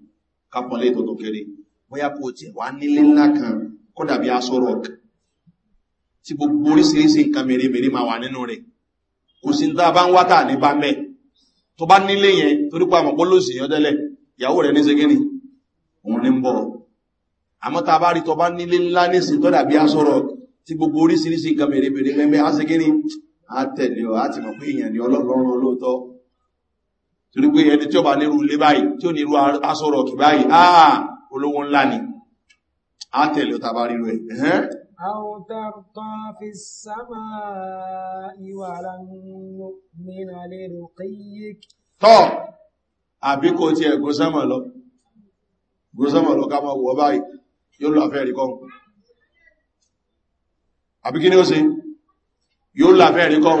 kápọ̀lẹ́ ìtọ̀tọ̀ kẹrẹ bóyá kò tẹ̀ wá nílé ńlá kan kó dàbí aṣọ rock tí gbogbo oríṣiríṣi nǹkan mèremère máa wà nínú rẹ̀ kò sí ní tá a bá ń wá tà ní bá mẹ́ tó bá nílé yẹn torí pé àmọ̀pọ̀ lòsì yẹn tẹ́lẹ̀ ìyàwó rẹ̀ ní segeni òun ní ń bọ̀ àmọ́ tá bá rí tọ́ bá nílé ńlá nísìn tó dàbí aṣọ rock tí gbogbo oríṣiríṣi nǹkan mèremère mẹ́mẹ́ á segeni á tẹ̀lé ọ á ti mọ̀ pé èèyàn ní ọlọ́run olóòótọ́ torí pé ẹni tí ó bá nírú ilé báyìí tí ó nírú asọ́rọ̀ kì báyìí àà olówó ńlá ni a tẹ̀lé ọ̀ta bá ríru ẹ̀ àwọn tàbí fi sábà ìwà ara mìíràn lè rò tọ́ àbí kò tí ẹ̀ gọ́sẹ́mọ̀ lọ gọ́sẹ́mọ̀ wọ báyìí yóò lọ rí kọ́ àbí kí ni ó se yóò lọ rí kọ́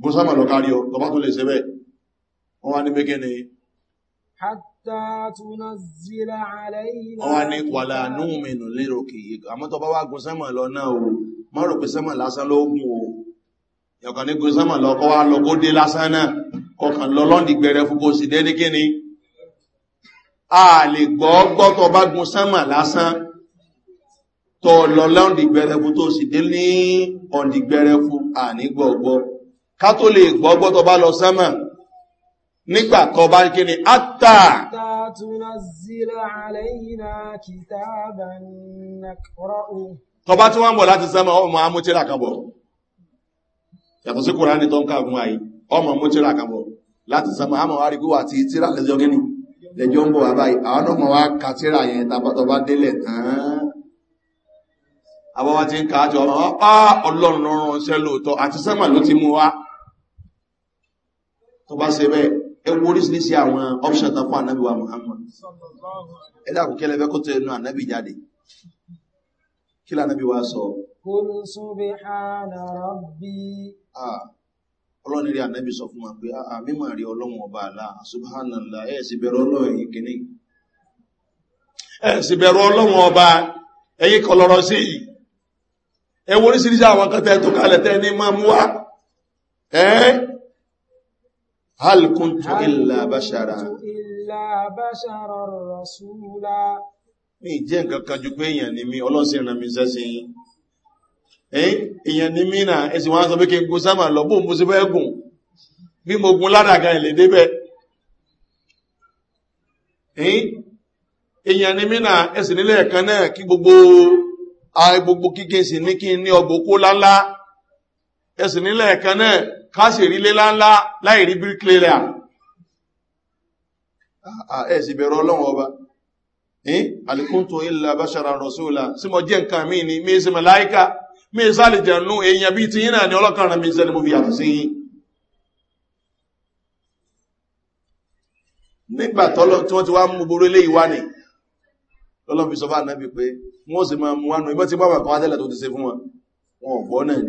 gbọ́sámà lọ kárí ọ tọba tó lè sẹ́bẹ̀ wọ́n wá ní mẹ́kẹ́ ni wọ́n wá ní wàlá númìnù lérò kìí àmọ́ tọba wá gbọ́sámà lọ náà o má rò pé sẹ́mà lásán ló mú o yọ̀kan ní gbọ́sámà lọ kọ́ wá lọ kó bá gun sánmà lásán tọ lọ lọ́ndì tó sì dé ní ọ̀ndì gbẹrẹ fún ànígbọ̀gbọ́ ká tó lè gbọ́gbọ́ tó bá lọ sánmà nígbà kọ bá kí ni àtà tọba tí wọ́n ń bọ̀ láti sánmà ọmọ amútíra kàbọ̀ yàtọ̀ sí kùránì tó ń kàgùn ayé ọmọ amútíra kàbọ̀ láti sánmà àmọ̀ àrígbó àti tíra lẹ́jọ́ gẹ́ni lẹ́jọ́ ń bọ̀ wá báyìí àwọn ọmọ wa ka tíra yẹn tọba délẹ̀ tán àbọ̀wá ti ń kàájọ ọmọ ọlọ́run lọ́rùn ṣẹ́ lóòótọ́ àti sánmà ló ti mú wa tó bá ṣe bẹ́ẹ̀ ẹ wo oríṣiríṣi àwọn option tán fún ànábì wa muhammad ẹ dàkú kí ẹlẹ́fẹ́ kó tó ẹnu ànábì jáde kí lànábì wa sọ. ọlọ́run rí ànábì sọ fún wa pé mímọ̀ rí ọlọ́run ọba àlá subhanallah ẹ̀ sì bẹ̀rẹ̀ ọlọ́run ẹ̀yìn kìíní ẹ̀ sì bẹ̀rẹ̀ ọlọ́run ọba ẹ̀yìn kọlọ́rọ̀ sí yìí ẹ wo oríṣiríṣi àwọn kan tẹ́ tó kalẹ̀ tẹ́ ní máa mú wa ẹ́ hal kuntu illa bashara mi jẹ́ nǹkan kan jù pé èèyàn ni mi ọlọ́sí ìrìnà mi sẹ́sí èèyàn ni mí náà ẹ̀sìn wọ́n sọ pé kí n gún sáàmà lọ bóò mú sí fẹ́ gùn bí mo gún ládàgà ilẹ̀ débẹ̀ èèyàn ni mí náà ẹ̀sìn nílẹ̀ ẹ̀kan náà kí gbogbo gbogbo kíkẹ́ sí ní kí ní ọgbòkó lálá ẹ̀sìn nílẹ̀ ẹ̀kan náà káṣì rílé láńlá láì rí bíríkìlẹ̀ ẹ̀sì bẹ̀rọ ọlọ́run ọba ní alìkúntò ilẹ̀ abáṣára rọ̀súlà sí mọ̀ jẹ́ nǹkan mí ní mẹ́sí mẹ́láíkà mẹ́sí àlìjẹ̀nú èèyàn bí ti yínà ní ọlọ́kànrà mẹ́sí ẹni wọ́n ò gbọ́ náà ni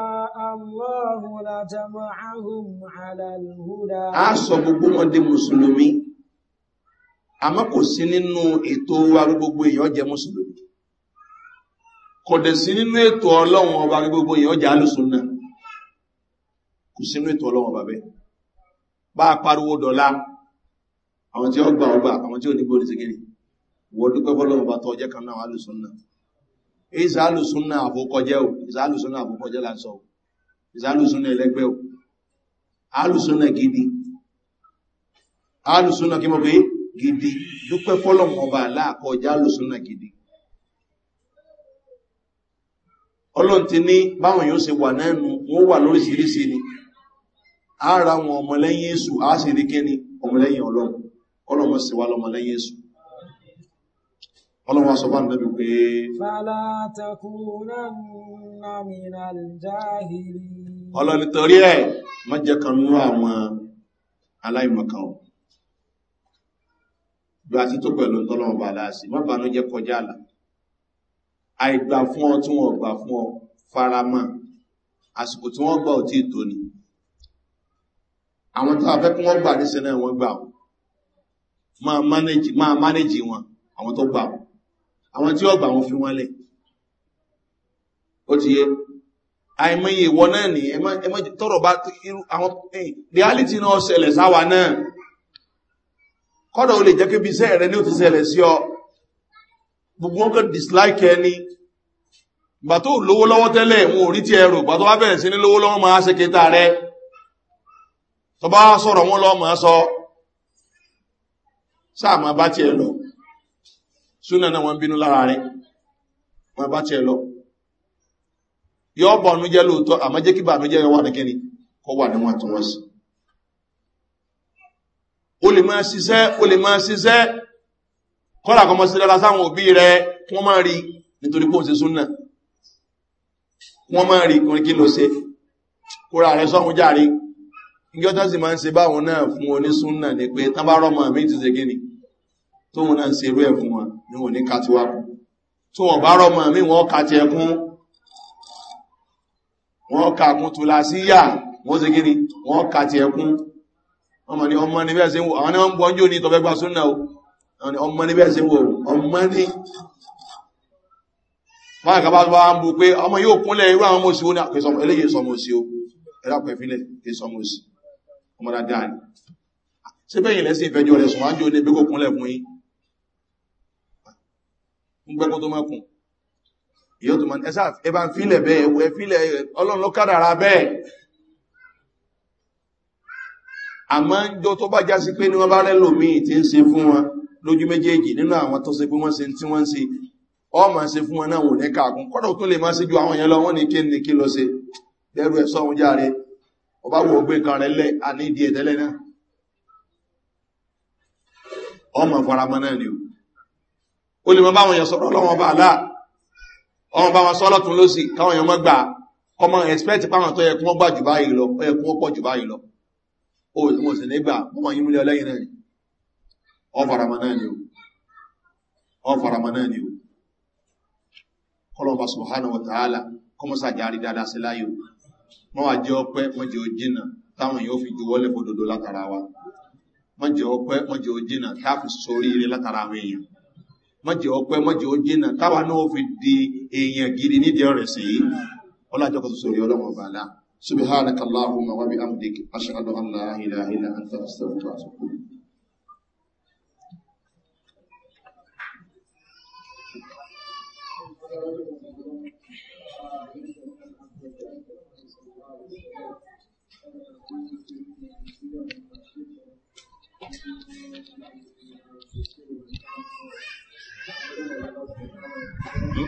الله لجمعهم على الهدى a sọ gbogbo wọn di mùsùlùmí àmọ́ kò sí nínú ètò wa gbogbo èèyàn jẹ́ mùsùlùmí kò dẹ̀ sí nínú ètò ọlọ́run ọba gbogbo èèyàn jẹ́ alùsùn náà kò sínú ètò ọlọ́run ọba bẹ́ẹ̀ bá a pariwo dọ̀la àwọn tí ó gbà ọgbà àwọn tí ó ní gbóòdì sígìrì wọ́n dúpẹ́ fọ́lọ́run ọba tọ́jẹ́ kan náà alùsùn náà ìsàlùsùn náà àfọkọjẹ́ ò ìsàlùsùn náà àfọkọjẹ́ là ń ìsàlùsúnà ẹlẹ́gbẹ́ ò alùsúnà gidi alùsúnà kí mọ́ pé gidi dúpẹ́ fọ́lọ̀mọ̀ ọba aláàkọjá alùsúnà gidi ọlọ́n ti ní báwọn yóò se wà nẹ́nu wọ́n wà lóríṣìíríṣìí ni ara wọn ọmọlẹ́yìn èsù á sì rí kíni ọmọlẹ́yìn ọlọ́run ọlọ́run sọ bá ń lẹ́bí pé náà mìíràn jáhìrì ọlọ́ni torí ẹ̀ mọ́jẹ́ kan nú àwọn aláìmọ̀kan bí a ti tó pẹ̀lú tọ́lọ́wọ́ bá láàsì mọ́ bá nújẹ́ kọjá àlà àìgbà fún ọ tí wọ́n gbà fún ọ faramọ́ àsìkò tí wọ́n gbà ò tí tó ni àwọn tó àfẹ́ kí wọ́n gbà níṣẹ́ náà wọ́n gbà máa mánéjì wọn àwọn tó gbà àwọn tí wọ́n gbà wọn fi wọ́n lẹ̀ ó ti yé àìmọye ìwọ náà ni ẹmọ tọrọ bá irú àwọn eh, reality náà ṣẹlẹ̀ sáwà náà kọ́dọ̀ o lè jẹ́ kébí iṣẹ́ rẹ ní ò ti ṣẹlẹ̀ sí ọ gbogbo wọn dislike ẹni gbà tó lówó lọ́wọ́ tẹ́lẹ̀ wọn ò rí ti ẹrù gbà tó wá bẹ̀rẹ̀ sí ní lówó lọ́wọ́ máa ṣe kéta rẹ tó bá sọ̀rọ̀ wọn lọ́wọ́ máa sọ sáà máa bá tiẹ̀ lọ yọ bọ̀nú jẹ́ lóòótọ́ àmọ́ jẹ́ kí bànújẹ́ wà ní kíni kọ wà níwọ̀n tí wọ́n sí o lè máa ṣiṣẹ́ o lè máa ṣiṣẹ́ kọ́lá kọmọ sí lára sáwọn òbí rẹ wọ́n máa rí nítorí kó ń se súnnà wọ́n máa rí kùnrin kí ló se kóra rẹ sọ́hun járe níjọ́ tó sì máa ń se báwọn náà fún oní súnnà ní pé tán bá rọ́mọ mi ti se gíní tóun náà ń se irú ẹ̀ wọn ní wọn ní katiwa tó wọn bá rọ́mọ mi wọn kàti ẹkún wọ́n ka mútu lásíyà wọ́n sì gíní wọ́n ka ti ẹkún ọmọ ni ọmọ ni bẹ́ẹ̀ sí wọ́n àwọn ọmọ ọjọ́ ní tọ́fẹ́ gbà súnà ọmọ ni bẹ́ẹ̀ sí wọ́n ọmọ ni máa kàbá tó wá ń bú pé ọmọ yóò kúnlẹ̀ irú àwọn mọ̀sí ó ní eléyìí sọmọ̀sí ó ẹlápẹ̀fílẹ̀ kí sọmọ̀sí ọmọ ni ṣé bẹ́yìn lẹ́sìn ìfẹ́jọ́ yóò tó mọ̀ ẹsà ẹbá fílẹ̀ bẹ́ẹ̀ ẹwẹ́ fílẹ̀ ọlọ́run ló kádàrà bẹ́ẹ̀ àmọ́ ń jọ tó bá já sí pé ní wọ́n bá rẹ́ lòmí tí ń se fún wọn lójú méjèèjì nínú àwọn tó se pé wọ́n se tí wọ́n se ọmọ se fún wọn náà wò ní kàkún kọ́dọ̀ tó lè má sí ju àwọn yẹn lọ wọ́n bá aláà ọmọ bá wọn sọ́lọ̀ tún ló sì káwọn èèyàn mọ́ gbà ọmọ expect páwọn tó yẹ kí wọ́n jù báyìí lọ ó yẹ kí jù báyìí lọ ó wọ́n sì nígbà wọ́n mọ̀ múlẹ̀ ọlẹ́yìn náà ni ọ faramọ́ náà ni o ọ faramọ́ náà ni o kọlọ́ọ̀bá subhanahu wa ta'ala kọmọ́sà járí dáadáa sí láyò wọ́n wà jẹ́ ọpẹ́ wọ́n jẹ́ ojínà táwọn yóò fi juwọ́lẹ̀ fòdòdó látara wa wọ́n jẹ́ ọpẹ́ wọ́n jẹ́ ojínà táàfi sórí ilé látara àwọn èèyàn wọ́n jẹ́ ọpẹ́ wọ́n jẹ́ ojínà táwa náà fi di èèyàn gidi nídìí ọ̀rẹ̀ sí ọlájọ́kọ̀ sórí ọlọ́run ọba àlá subhanak allahumma wa bihamdik ashhadu an la ilaha illa wa atubu ilayk Thank you.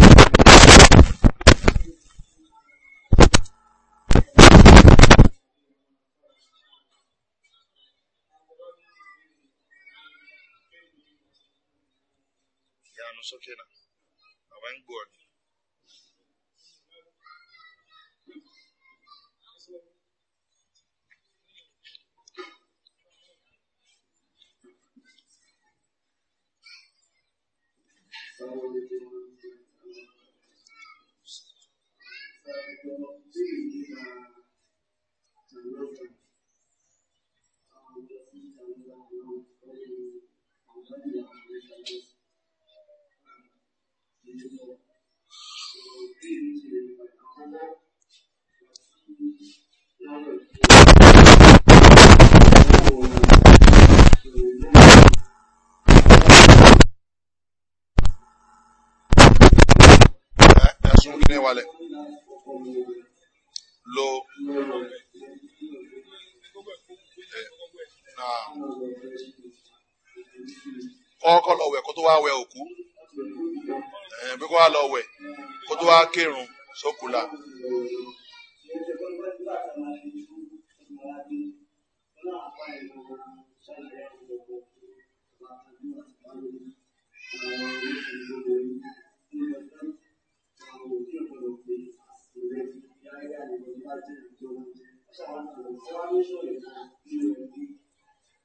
ya no so Thank you. ẹ̀sùn kí ní wálẹ̀ lo ọkọ̀ lọ wẹ̀ kó tó wá wẹ òkú bí kò wá lọ wẹ̀ kó tó wá kírun sókùlà. Thank you.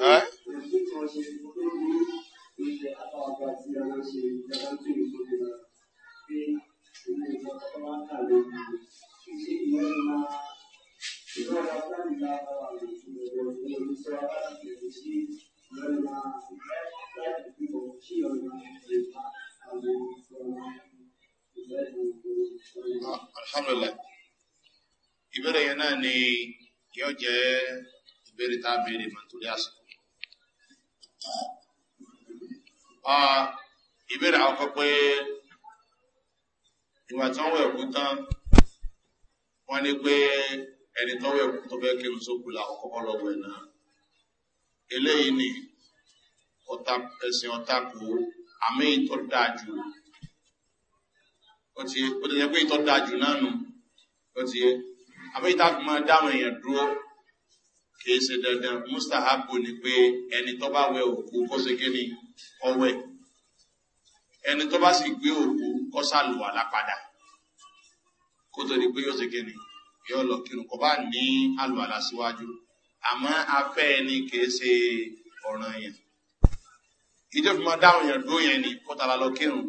ها؟ الحمد لله ìbéèrè yẹn náà ni kí ọ jẹ́ ìbéèrè tá a béèrè mọ̀ nítorí àsìkò. ìbéèrè àwọn kan pé ìwà tí wọ́n wẹ̀ kú tán wọ́n ní pé ẹni tó wẹ̀ kú tó fẹ́ kí n sókù làwọn kọ́kọ́ lọ wẹ̀ náà. eléyìí ni ẹ̀sìn ọ̀tàkù àmì ìtọ́ dáa ó ti yẹ pé ìtọ́ dáa náà nù ó ti yẹ àbẹ́yí tá a fi máa dáhùn èèyàn dúró kìí ṣe dandan mustahabu ni pé ẹni tó bá wẹ òkú kó ṣe kí ni ọwẹ ẹni tó bá sì gbé òkú kó ṣàlùwà lápadà kó tó di pé yóò ṣe kí ni yóò lọ kírun kó bá ní àlùwàlà síwájú àmọ́ afẹ́ ẹni kìí ṣe ọ̀ràn yẹn ìjọ fi máa dáhùn yẹn dúró yẹn ni kó tara lọ kírun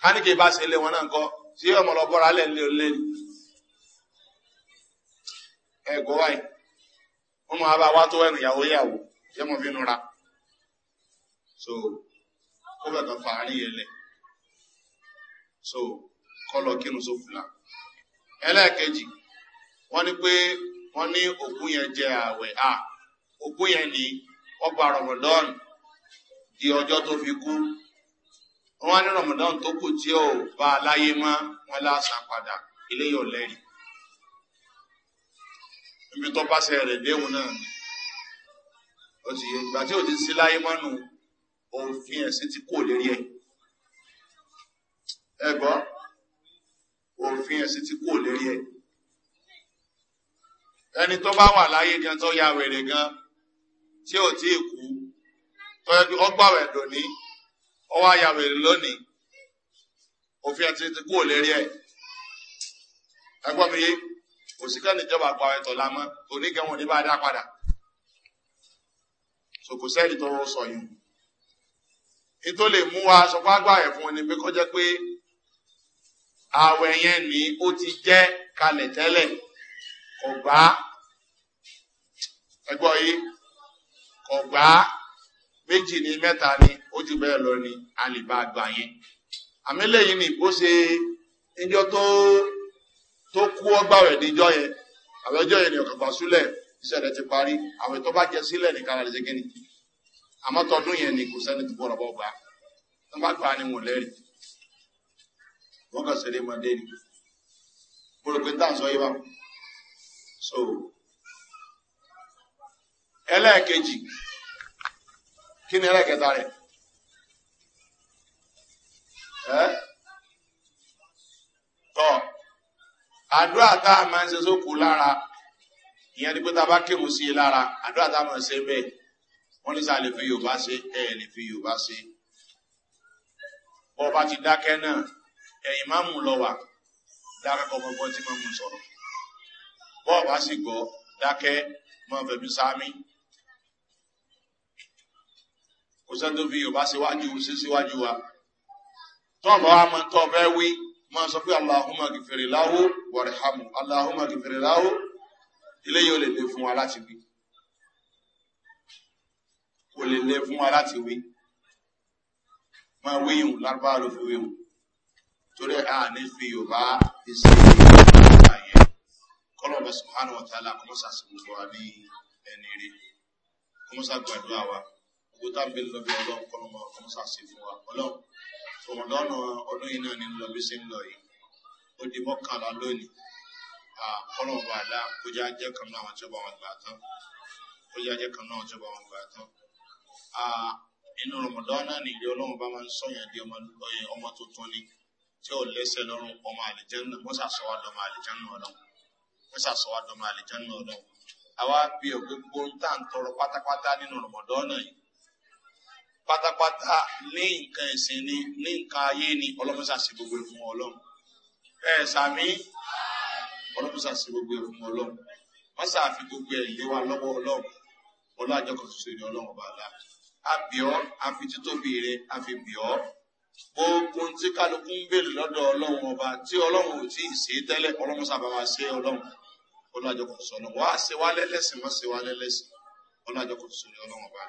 káníkì bá ṣe lé wọn náà kọ sí ọmọ lọ bọ́ra lẹ́ẹ̀lẹ́ ẹ̀gọ́ wáyé wọ́n máa bá wá tó wẹ̀ níyàwó yàwó yẹ́ mọ̀ fi so ó bẹ̀ kàn fàárí yẹn lẹ̀ so kọ́lọ̀ kínú so fúlà ẹlẹ́ẹ̀kejì wọ́n ní pé wọ́n ní òkú yẹn jẹ ààwẹ̀ à òkú yẹn ní ọgbà rọmọdọ́n di ọjọ́ tó fi kú wọ́n ní rọmọdọ́n tó kù tí ò bá a láyé mọ́ wọn lásán padà ilé yóò lẹ́yìn ibi tó pàṣẹ rẹ̀ déhùn náà ni ó ti yẹ ìgbà tí ò ti sí láyé mọ́nu òfin ẹ̀sìn ti kò lérí ẹ̀ ẹgbọ́ òfin ẹ̀sìn ti kò lérí ẹ̀ ẹni tó bá wà láyé gan tó ya wèrè gan tí ò tí ì kú tó yẹ kí ọgbà wẹ̀ dòní ọwọ́ ya wèrè lónìí òfin ẹ̀sìn ti kò lérí ẹ̀ ẹgbọ́n mi yé kò sí kán níjọba àpò àwọn ẹ̀tọ́ lámọ́ kò ní gan wọn ní bá dá padà so kò sẹ́ni tó sọ yìí ètò lè mú wa sọ pé àgbà ẹ̀fún ni pé kọ́ jẹ́ pé àwẹ̀ yẹn ni ó ti jẹ́ kalẹ̀ tẹ́lẹ̀ kò gbá ẹgbọ́ yìí kò gbá méjì ni mẹ́ta ni ó ju bẹ́ẹ̀ lọ ni a lè bá gbà yẹn àmì lẹ́yìn ni bó ṣe ẹjọ́ tó tó kú ọgbà rẹ̀ níjọ́ yẹn àwọn ẹjọ́ yẹn ni ọ̀kan gbà súlẹ̀ iṣẹ́ rẹ̀ ti parí àwọn ètò bá jẹ sílẹ̀ nìkan rẹ̀ ṣẹ́gi ni àmọ́ tọdún yẹn ni kò sẹ́ni tó bọ̀rọ̀ gbà wọ́n bá gbà ni wọ́n lẹ́rìí wọ́n kàn sẹ́ni mọ́ déni mo rò pé ń sọ yé báwọn so ẹlẹ́ẹ̀kejì kí ni ẹlẹ́ẹ̀kẹta rẹ̀ ẹ́ tọ́ àdúrà tá a máa ń ṣe sóko lára ìyẹn ni pé tá a bá kírun sí i lára àdúrà tá a máa ṣe bẹ́ẹ̀ wọ́n ní sá lè fi yorùbá ṣe ẹ̀ lè fi yorùbá ṣe bọ́ ọba ti dákẹ́ náà ẹ̀yìn máa mú lọ wà dákẹ́kọ̀ọ́ gbọ́ngbọ́n tí máa mú sọ̀rọ̀ bọ́ ọba sì gbọ́ dákẹ́ máa fẹ̀mí sáámi kò sẹ́ni tó fi yorùbá ṣe wájú ṣe síwájú wa tọ́ọ̀bù wa máa tọ́ọ̀bù ẹ wí máa sọ pé aláhùnmá gìfèrè láwó wàrẹ̀hámù aláhùnmá gìfèrè láwó eléyìí ò lè lè fún wa láti wí kò lè lè fún wa láti wí máa wíyùn lárúbáwá ló fi wíyùn torí a ní fi yorùbá fi sí ìgbà yẹn kọlọmọ sùhánù wọtálà kọmọsà sí gbogbo wa ní ẹni rí kọmọsà gbàdúrà wa gbogbo tábìlì lọbẹ ọlọrun kọlọmọ kọmọsà sí fún wa ọlọrun rọmọdọ́nù ọdún yìí náà ni ń lọ bí sí ń lọ yìí ó di mọ́kànlá lónìí kọ́lọ̀ọ̀bà àdá ó já jẹ́ kan náà àwọn tí ó bá wọn gbà tán ó já jẹ́ kan náà tí ó bá wọn gbà tán inú rọmọdọ́nù náà nìyí ọlọ́run bá máa ń sọ̀yàn di ọmọ tuntun ni tí ó lẹ́sẹ̀ lọ́rùn ọmọ àlìjẹ́nu náà wọ́n sàsọ́wọ́ dọ́mọ àlìjẹ́nu ọlọ́run wọ́n sàsọ́wọ́ dọ́mọ àlìjẹ́nu ọlọ́run àwa bí ògbógbó ń tà ń tọrọ pátápátá nínú pátápátá ní nǹkan ẹ̀sìn ni ní nǹkan ayé ni ọlọ́run ṣàṣì gbogbo ẹ̀ fún ọlọ́run ẹ sàmí ọlọ́run ṣàṣì gbogbo ẹ̀ fún ọlọ́run wọ́n ṣàfi gbogbo ẹ̀ lé wa lọ́wọ́ ọlọ́run ọlọ́run àjọkọ̀ tuntun ni ọlọ́run bá la àbíọ́ àfi títóbi rẹ̀ àfi bíọ́ gbogbo tí kálukú ń béèrè lọ́dọ̀ ọlọ́run ọba tí ọlọ́run ò tí ì ṣe tẹ́lẹ̀ ọlọ́run sábà máa ṣe ọlọ́run ọlọ́run àjọkọ̀ tuntun ọlọ́run wá ṣe wá